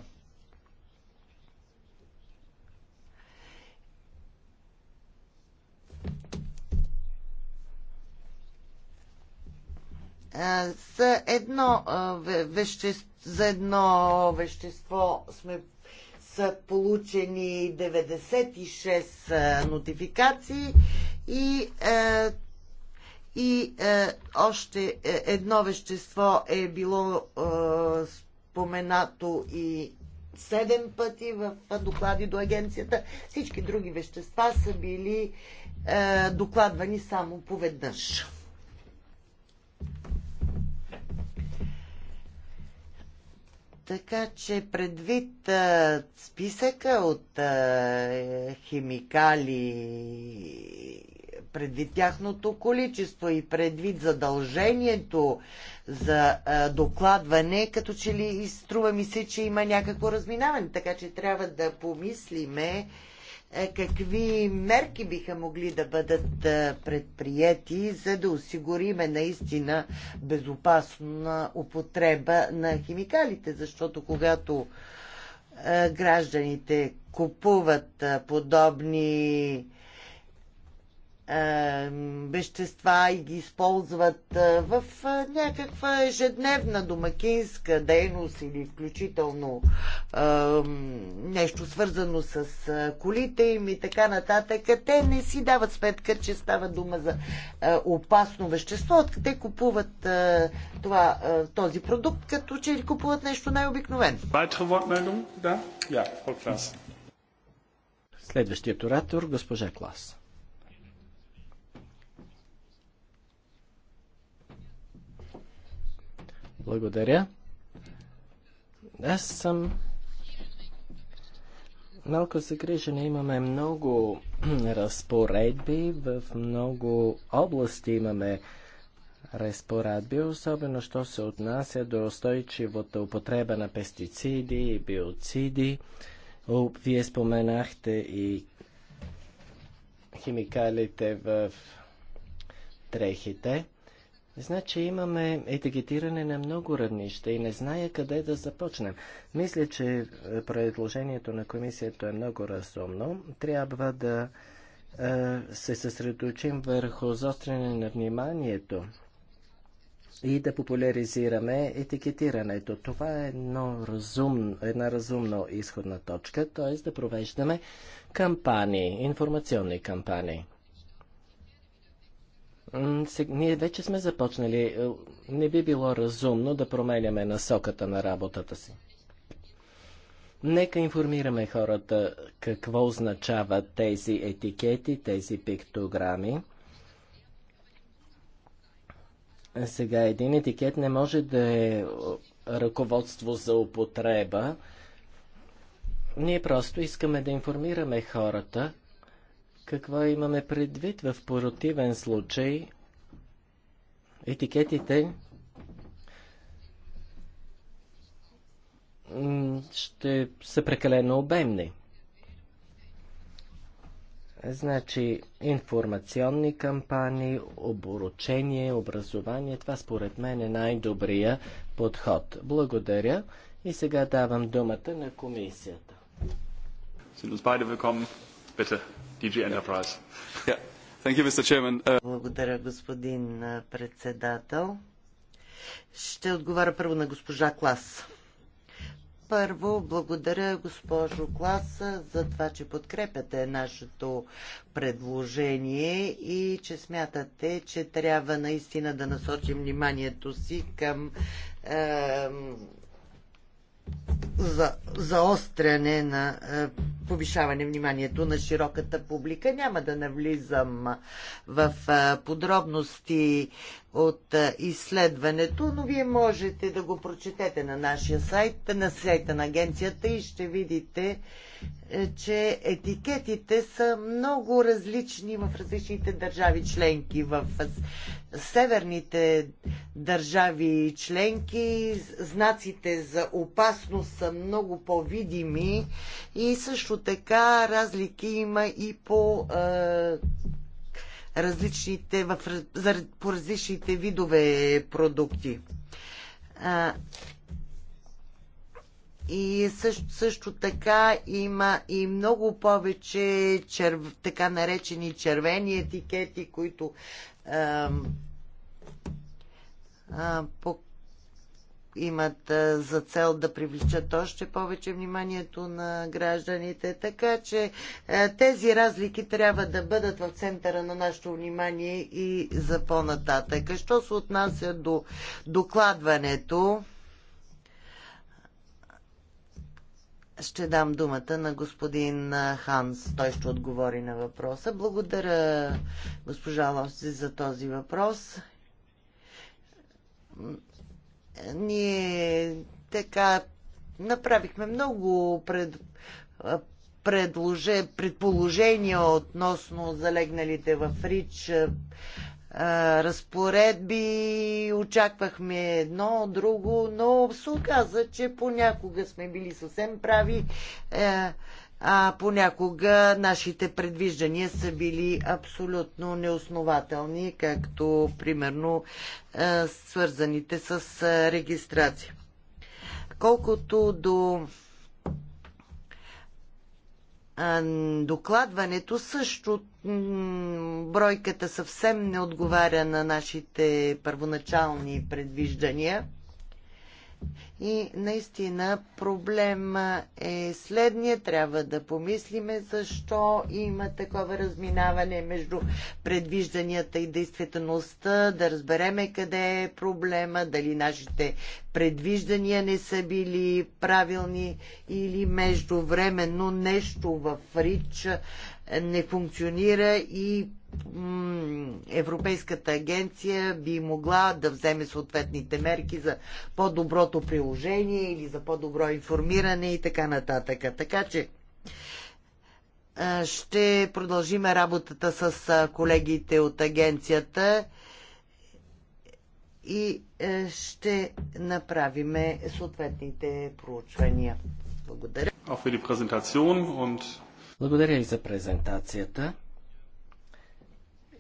За едно, вещество, за едно вещество сме са получени 96 нотификации и, и още е, едно вещество е било споменато и седем пъти в доклади до агенцията. Всички други вещества са били докладвани само поведнъж. Така че предвид а, списъка от а, химикали, предвид тяхното количество и предвид задължението за а, докладване, като че ли струва ми се, че има някакво разминаване. Така че трябва да помислиме е, какви мерки биха могли да бъдат е, предприяти, за да осигуриме наистина безопасна употреба на химикалите, защото когато е, гражданите купуват подобни е, вещества и ги използват е, в е, някаква ежедневна домакинска дейност или включително нещо свързано с колите им и така нататък. Те не си дават сметка, че става дума за опасно вещество. Откъде купуват това, този продукт, като че ли купуват нещо най-обикновено. Следващият оратор, госпожа Клас. Благодаря. Аз съм малко загрижена. Имаме много *clears throat* разпоредби, в много области имаме разпоредби, особено що се отнася до устойчивата употреба на пестициди и биоциди. Вие споменахте и химикалите в дрехите. Значи имаме етикетиране на много равнища и не зная къде да започнем. Мисля, че е, предложението на комисията е много разумно. Трябва да е, се съсредоточим върху заостряне на вниманието и да популяризираме етикетирането. Това е едно разумно, една разумна изходна точка, т.е. да провеждаме кампании, информационни кампании. Ние вече сме започнали. Е, не би било разумно да променяме насоката на работата си. Нека информираме хората какво означават тези етикети, тези пиктограми. Сега един етикет не може да е, е ръководство за употреба. Ние просто искаме да информираме хората какво имаме предвид. В противен случай етикетите ще са прекалено обемни. Значи информационни кампании, оборучение, образование, това според мен е най-добрия подход. Благодаря и сега давам думата на комисията. Sind uns beide willkommen. Bitte. DG Enterprise. Yeah. Thank you, Mr. Chairman. Uh... Благодаря, господин председател. Ще отговаря първо на госпожа Клас. Първо, благодаря госпожо Клас за това, че подкрепяте нашето предложение и че смятате, че трябва наистина да насочим вниманието си към е, за заостряне на е, повишаване вниманието на широката публика. Няма да навлизам в е, подробности от е, изследването, но вие можете да го прочетете на нашия сайт, на сайта на агенцията и ще видите е, че етикетите са много различни в различните държави членки. В северните държави членки знаците за опасност са много по-видими и също така разлики има и по е, различните, в, по различните видове продукти. И също, също така има и много повече черв, така наречени червени етикети, които а, а, по, имат а, за цел да привличат още повече вниманието на гражданите. Така че а, е, тези разлики трябва да бъдат в центъра на нашето внимание и за по-нататък. Що се отнася до докладването? ще дам думата на господин Ханс. Той ще отговори на въпроса. Благодаря, госпожа Лоси, за този въпрос. Ние така направихме много пред, предложе, предположения относно залегналите в Рич разпоредби, очаквахме едно, друго, но се оказа, че понякога сме били съвсем прави, е, а понякога нашите предвиждания са били абсолютно неоснователни, както примерно е, свързаните с е, регистрация. Колкото до докладването също бройката съвсем не отговаря на нашите първоначални предвиждания. И наистина проблема е следния. Трябва да помислиме защо има такова разминаване между предвижданията и действителността, да разбереме къде е проблема, дали нашите предвиждания не са били правилни или междувременно нещо в РИЧ не функционира и Европейската агенция би могла да вземе съответните мерки за по-доброто приложение или за по-добро информиране и така нататък. Така че ще продължиме работата с колегите от агенцията и ще направиме съответните проучвания. Благодаря. Благодаря и за презентацията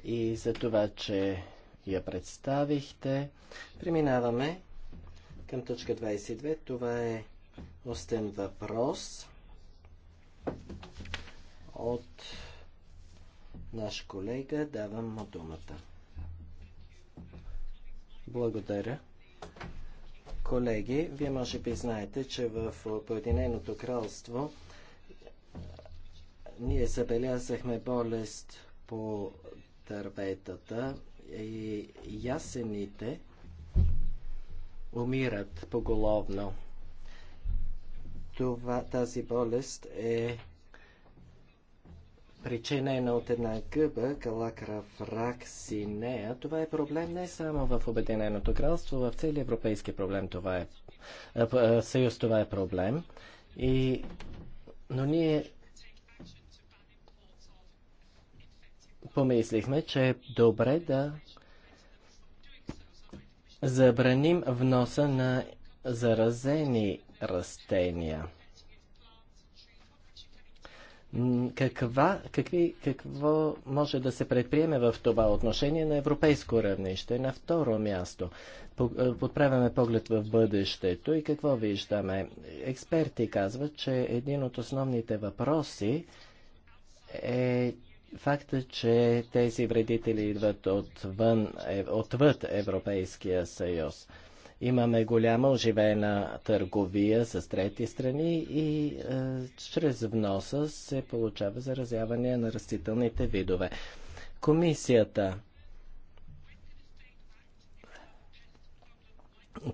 и за това, че я представихте. Преминаваме към точка 22. Това е остен въпрос от наш колега. Давам му думата. Благодаря. Колеги, вие може би знаете, че в Поединеното кралство ние забелязахме болест по дърветата и ясените умират поголовно. Това, тази болест е причинена от една гъба, калакра синея. Това е проблем не само в Обединеното кралство, в целия европейски проблем това е, съюз това е проблем. И, но ние помислихме, че е добре да забраним вноса на заразени растения. Каква, какви, какво може да се предприеме в това отношение на европейско равнище? На второ място, подправяме е, поглед в бъдещето и какво виждаме? Експерти казват, че един от основните въпроси е факта, че тези вредители идват отвън, е, отвъд Европейския съюз. Имаме голяма оживена търговия с трети страни и е, чрез вноса се получава заразяване на растителните видове. Комисията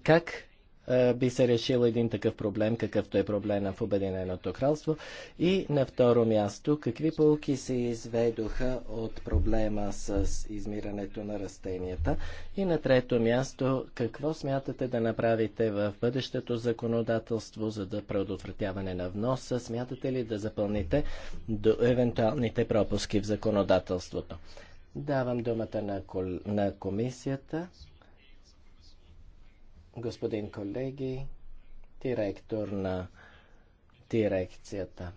как е, би се решил един такъв проблем, какъвто е проблема в Обединеното кралство? И на второ място, какви полки се изведоха от проблема с измирането на растенията? И на трето място, какво смятате да направите в бъдещето законодателство за да предотвратяване на вноса? Смятате ли да запълните до евентуалните пропуски в законодателството? Давам думата на, кол... на комисията господин колеги, директор на дирекцията.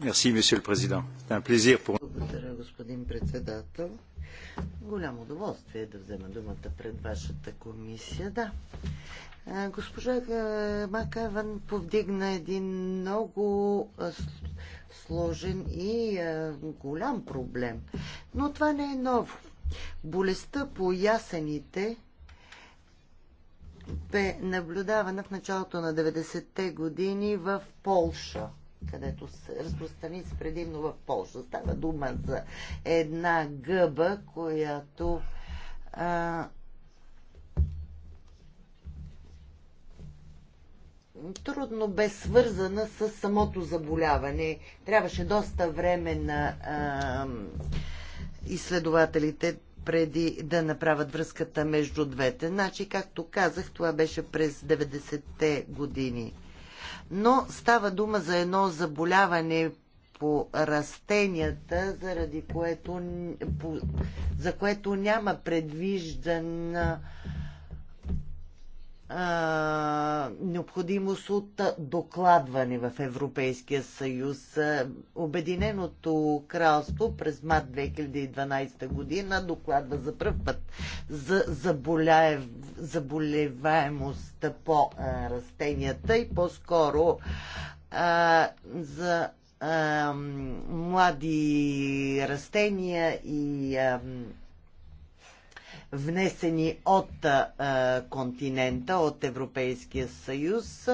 Merci, monsieur le président. C'est un plaisir pour... Благодаря, господин председател. Голямо удоволствие е да взема думата пред вашата комисия. Да, Госпожа Макаван повдигна един много сложен и голям проблем. Но това не е ново. Болестта по ясените бе наблюдавана в началото на 90-те години в Полша, където се разпространи се предимно в Полша. Става дума за една гъба, която а, трудно бе свързана с самото заболяване. Трябваше доста време на а, изследователите преди да направят връзката между двете. Значи, както казах, това беше през 90-те години. Но става дума за едно заболяване по растенията, заради което, по, за което няма предвиждан а, необходимост от докладване в Европейския съюз. Обединеното кралство през март 2012 година докладва за първ път за заболяев, заболеваемост по а, растенията и по-скоро за а, млади растения и а, внесени от а, континента, от Европейския съюз,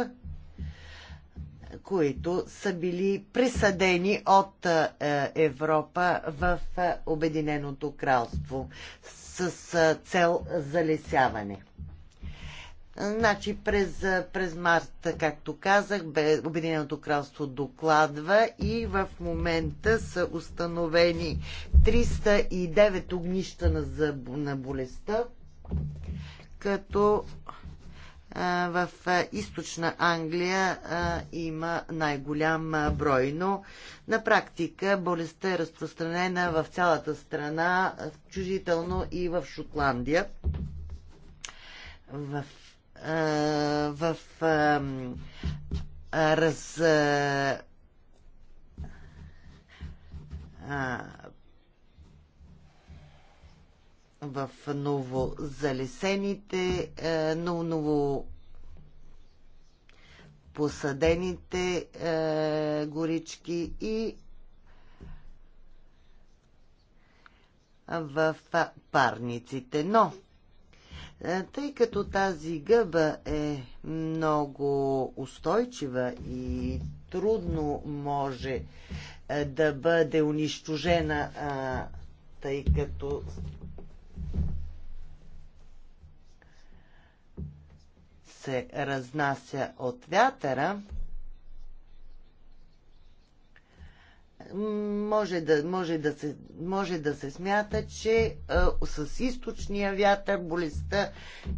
които са били присъдени от а, Европа в а, Обединеното кралство с а, цел залесяване. Значи през, през март, както казах, Обединеното кралство докладва и в момента са установени 309 огнища на, зъб, на болестта, като в източна Англия има най-голям брой, но на практика болестта е разпространена в цялата страна, включително и в Шотландия. В в а, раз. А, в новозалесените, но ново посадените горички и в парниците. Но е, тъй като тази гъба е много устойчива и трудно може е, да бъде унищожена, е, тъй като се разнася от вятъра, може да, може да, се, може да се смята, че а, с източния вятър болестта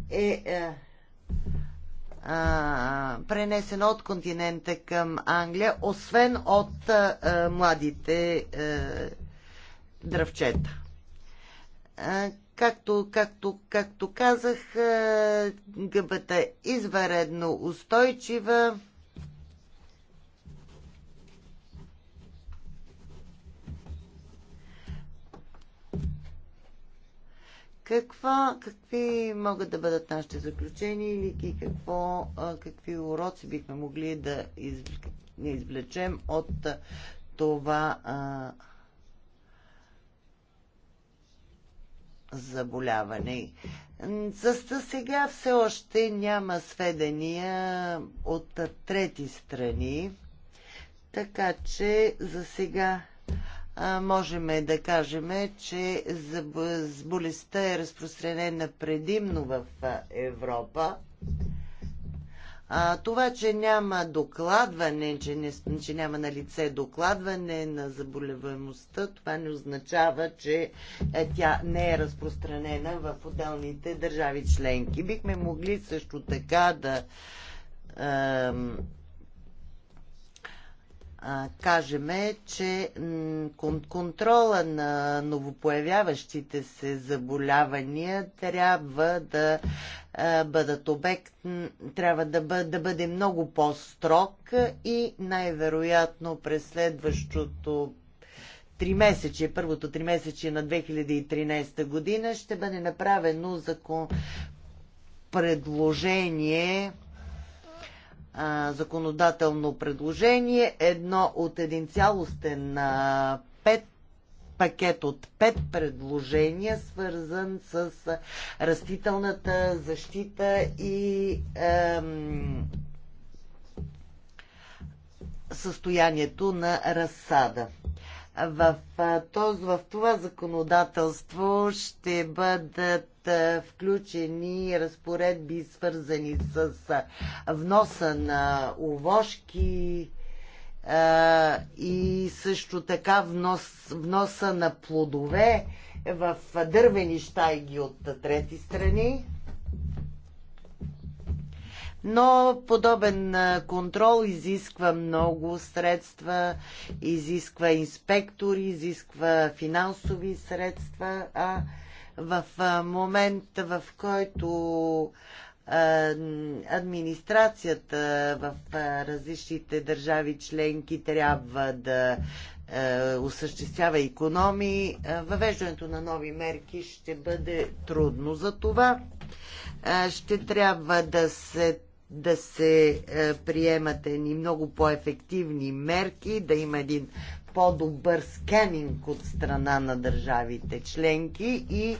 е, е а, а, пренесена от континента към Англия, освен от а, младите а, дръвчета. както, както, както казах, гъбата е изваредно устойчива. Каква, какви могат да бъдат нашите заключения или какво, какви уроци бихме могли да извлечем от това а, заболяване. За сега все още няма сведения от трети страни, така че за сега можем да кажем, че болестта е разпространена предимно в Европа. А, това, че няма докладване, че, не, че няма на лице докладване на заболеваемостта, това не означава, че е, тя не е разпространена в отделните държави членки. Бихме могли също така да. Е, Кажем, че контрола на новопоявяващите се заболявания трябва да бъдат обект, трябва да бъде, да бъде много по-строг и най-вероятно през следващото тримесечие, първото тримесечие на 2013 година ще бъде направено за предложение законодателно предложение, едно от един цялостен а, пет пакет от пет предложения, свързан с растителната защита и ем, състоянието на разсада. В, в това законодателство ще бъдат включени разпоредби, свързани с вноса на овошки и също така внос, вноса на плодове в дървени щайги от трети страни. Но подобен контрол изисква много средства, изисква инспектори, изисква финансови средства, а в момента, в който администрацията в различните държави членки трябва да осъществява економии, въвеждането на нови мерки ще бъде трудно. За това ще трябва да се да се приемат едни много по-ефективни мерки, да има един по-добър сканинг от страна на държавите членки и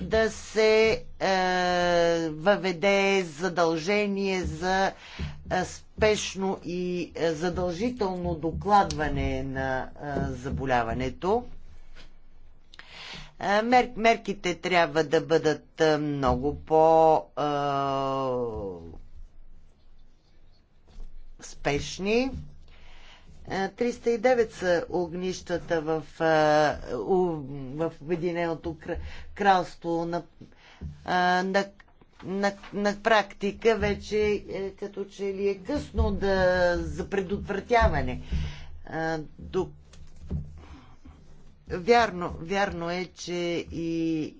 да се е, въведе задължение за е, спешно и е, задължително докладване на е, заболяването. Е, мер, мерките трябва да бъдат е, много по е, спешни 309 са огнищата в, в Обединеното кралство на, на, на, на практика вече е, като че ли е късно да, за предотвратяване. Вярно, вярно е, че и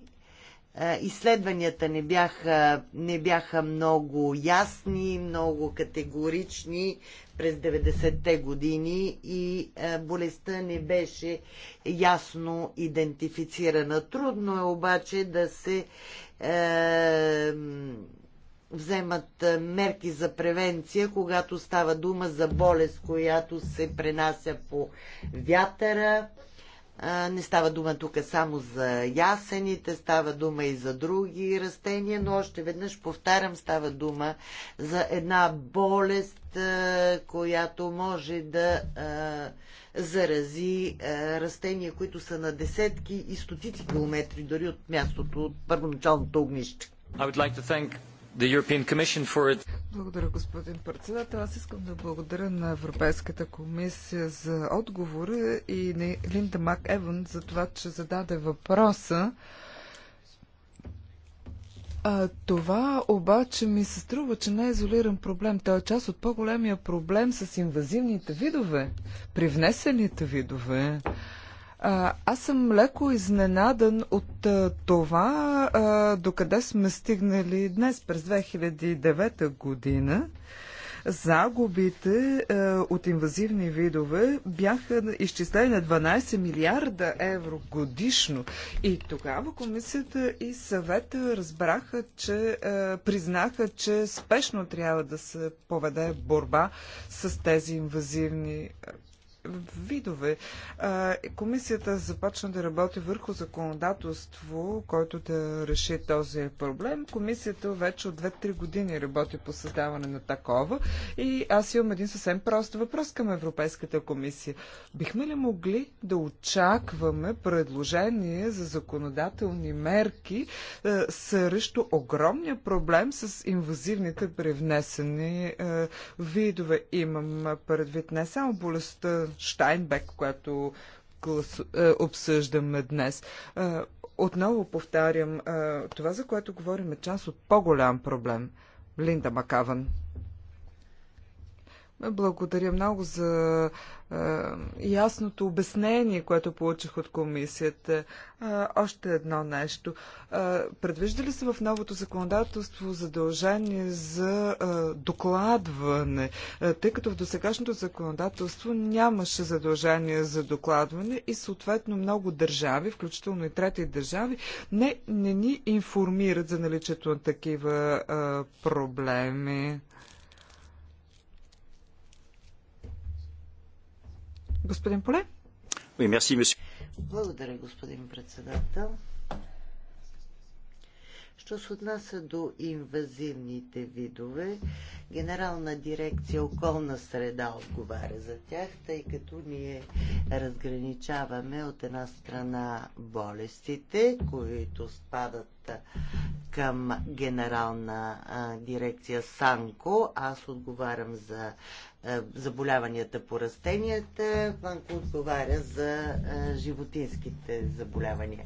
е, изследванията не бяха, не бяха много ясни, много категорични през 90-те години и е, болестта не беше ясно идентифицирана. Трудно е обаче да се е, вземат мерки за превенция, когато става дума за болест, която се пренася по вятъра не става дума тук само за ясените, става дума и за други растения, но още веднъж повтарям, става дума за една болест, която може да зарази растения, които са на десетки и стотици километри дори от мястото, от първоначалното огнище. I would like to thank благодаря, господин председател. Аз искам да благодаря на Европейската комисия за отговора и на Линда Мак Еван за това, че зададе въпроса. А, това обаче ми се струва, че не е изолиран проблем. Той е част от по-големия проблем с инвазивните видове, привнесените видове. Аз съм леко изненадан от това, докъде сме стигнали днес през 2009 година. Загубите от инвазивни видове бяха изчислени на 12 милиарда евро годишно. И тогава комисията и съвета разбраха, че признаха, че спешно трябва да се поведе борба с тези инвазивни видове. Комисията започна да работи върху законодателство, който да реши този проблем. Комисията вече от 2-3 години работи по създаване на такова и аз имам един съвсем прост въпрос към Европейската комисия. Бихме ли могли да очакваме предложение за законодателни мерки е, срещу огромния проблем с инвазивните привнесени е, видове? Имам предвид не само болестта Штайнбек, която е, обсъждаме днес. Е, отново повтарям, е, това, за което говорим, е част от по-голям проблем. Линда Макаван. Благодаря много за е, ясното обяснение, което получих от комисията. Е, още едно нещо. Е, предвижда ли се в новото законодателство задължение за е, докладване? Е, тъй като в досегашното законодателство нямаше задължение за докладване и съответно много държави, включително и трети държави, не, не ни информират за наличието на такива е, проблеми. Господин Поле? Благодаря, господин председател. Що се отнася до инвазивните видове, Генерална дирекция околна среда отговаря за тях, тъй като ние разграничаваме от една страна болестите, които спадат към Генерална дирекция Санко. Аз отговарям за заболяванията по растенията, Ванко отговаря за животинските заболявания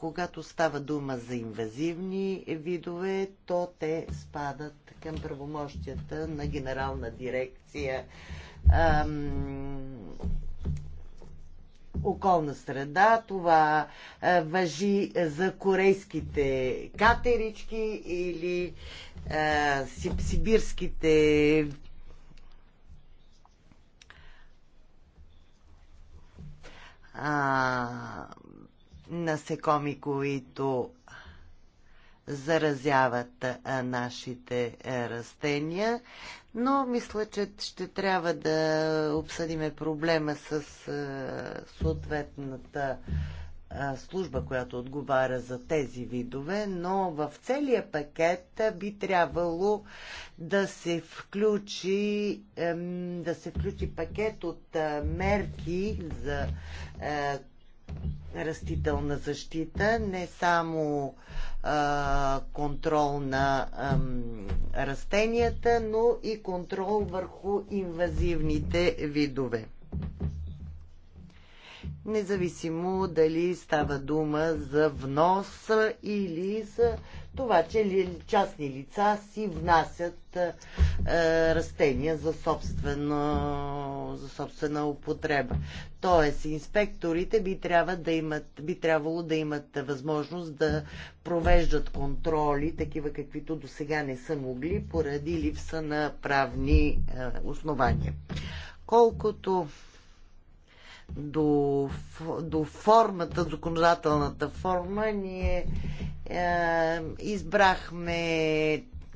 когато става дума за инвазивни видове, то те спадат към правомощията на генерална дирекция ам, околна среда. Това а, въжи за корейските катерички или а, сибирските а, насекоми, които заразяват нашите растения, но мисля, че ще трябва да обсъдиме проблема с съответната служба, която отговаря за тези видове, но в целия пакет би трябвало да се включи, да се включи пакет от мерки за растителна защита, не само а, контрол на а, растенията, но и контрол върху инвазивните видове. Независимо дали става дума за внос или за това, че частни лица си внасят е, е растения за собствена, за собствена употреба. Тоест, инспекторите би, трябва да имат, би трябвало да имат възможност да провеждат контроли, такива каквито до сега не са могли, поради липса на правни е, основания. Колкото до, до формата, законодателната форма, ние е, избрахме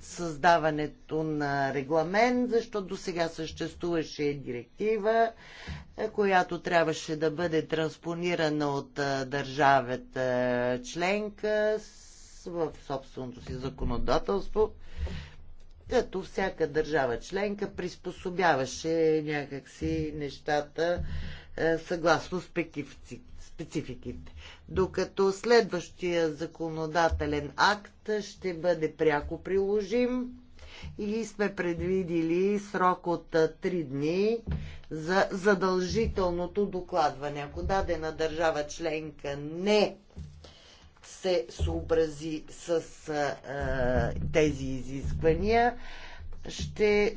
създаването на регламент, защото до сега съществуваше директива, е, която трябваше да бъде транспонирана от е, държавата е, членка в собственото си законодателство, като всяка държава членка приспособяваше някакси нещата е, съгласно спецификите. Докато следващия законодателен акт ще бъде пряко приложим и сме предвидили срок от 3 е, дни за задължителното докладване. Ако дадена държава членка не се съобрази с а, е, тези изисквания, ще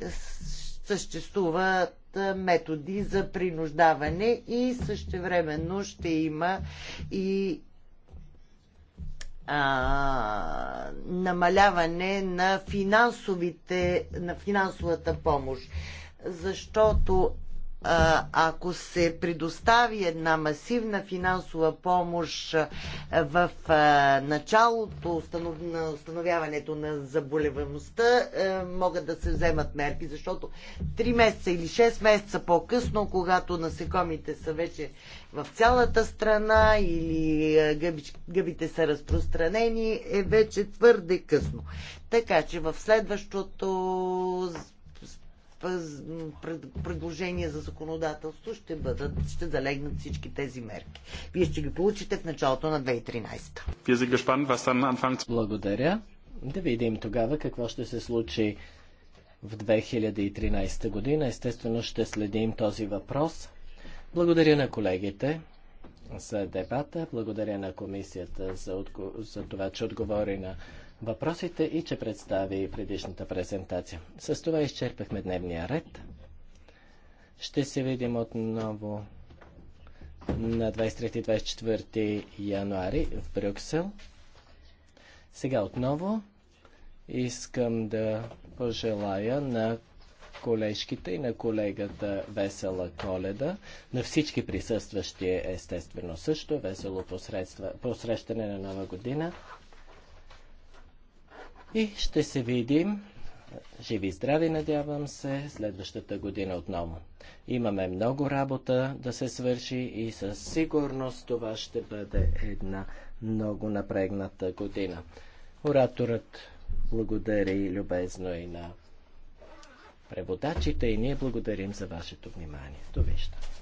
съществува методи за принуждаване и същевременно ще има и а, намаляване на, финансовите, на финансовата помощ. Защото ако се предостави една масивна финансова помощ в началото на установяването на заболеваността, могат да се вземат мерки, защото 3 месеца или 6 месеца по-късно, когато насекомите са вече в цялата страна или гъбите са разпространени, е вече твърде късно. Така че в следващото предложения за законодателство ще бъдат, ще залегнат всички тези мерки. Вие ще ги получите в началото на 2013. Благодаря. Да видим тогава какво ще се случи в 2013 година. Естествено ще следим този въпрос. Благодаря на колегите за дебата. Благодаря на комисията за, отго... за това, че отговори на въпросите и че представи предишната презентация. С това изчерпахме дневния ред. Ще се видим отново на 23-24 януари в Брюксел. Сега отново искам да пожелая на колежките и на колегата Весела Коледа, на всички присъстващи естествено също, весело посрещане на нова година. И ще се видим, живи здрави, надявам се, следващата година отново. Имаме много работа да се свърши и със сигурност това ще бъде една много напрегната година. Ораторът благодари любезно и на преводачите и ние благодарим за вашето внимание. Довиждане.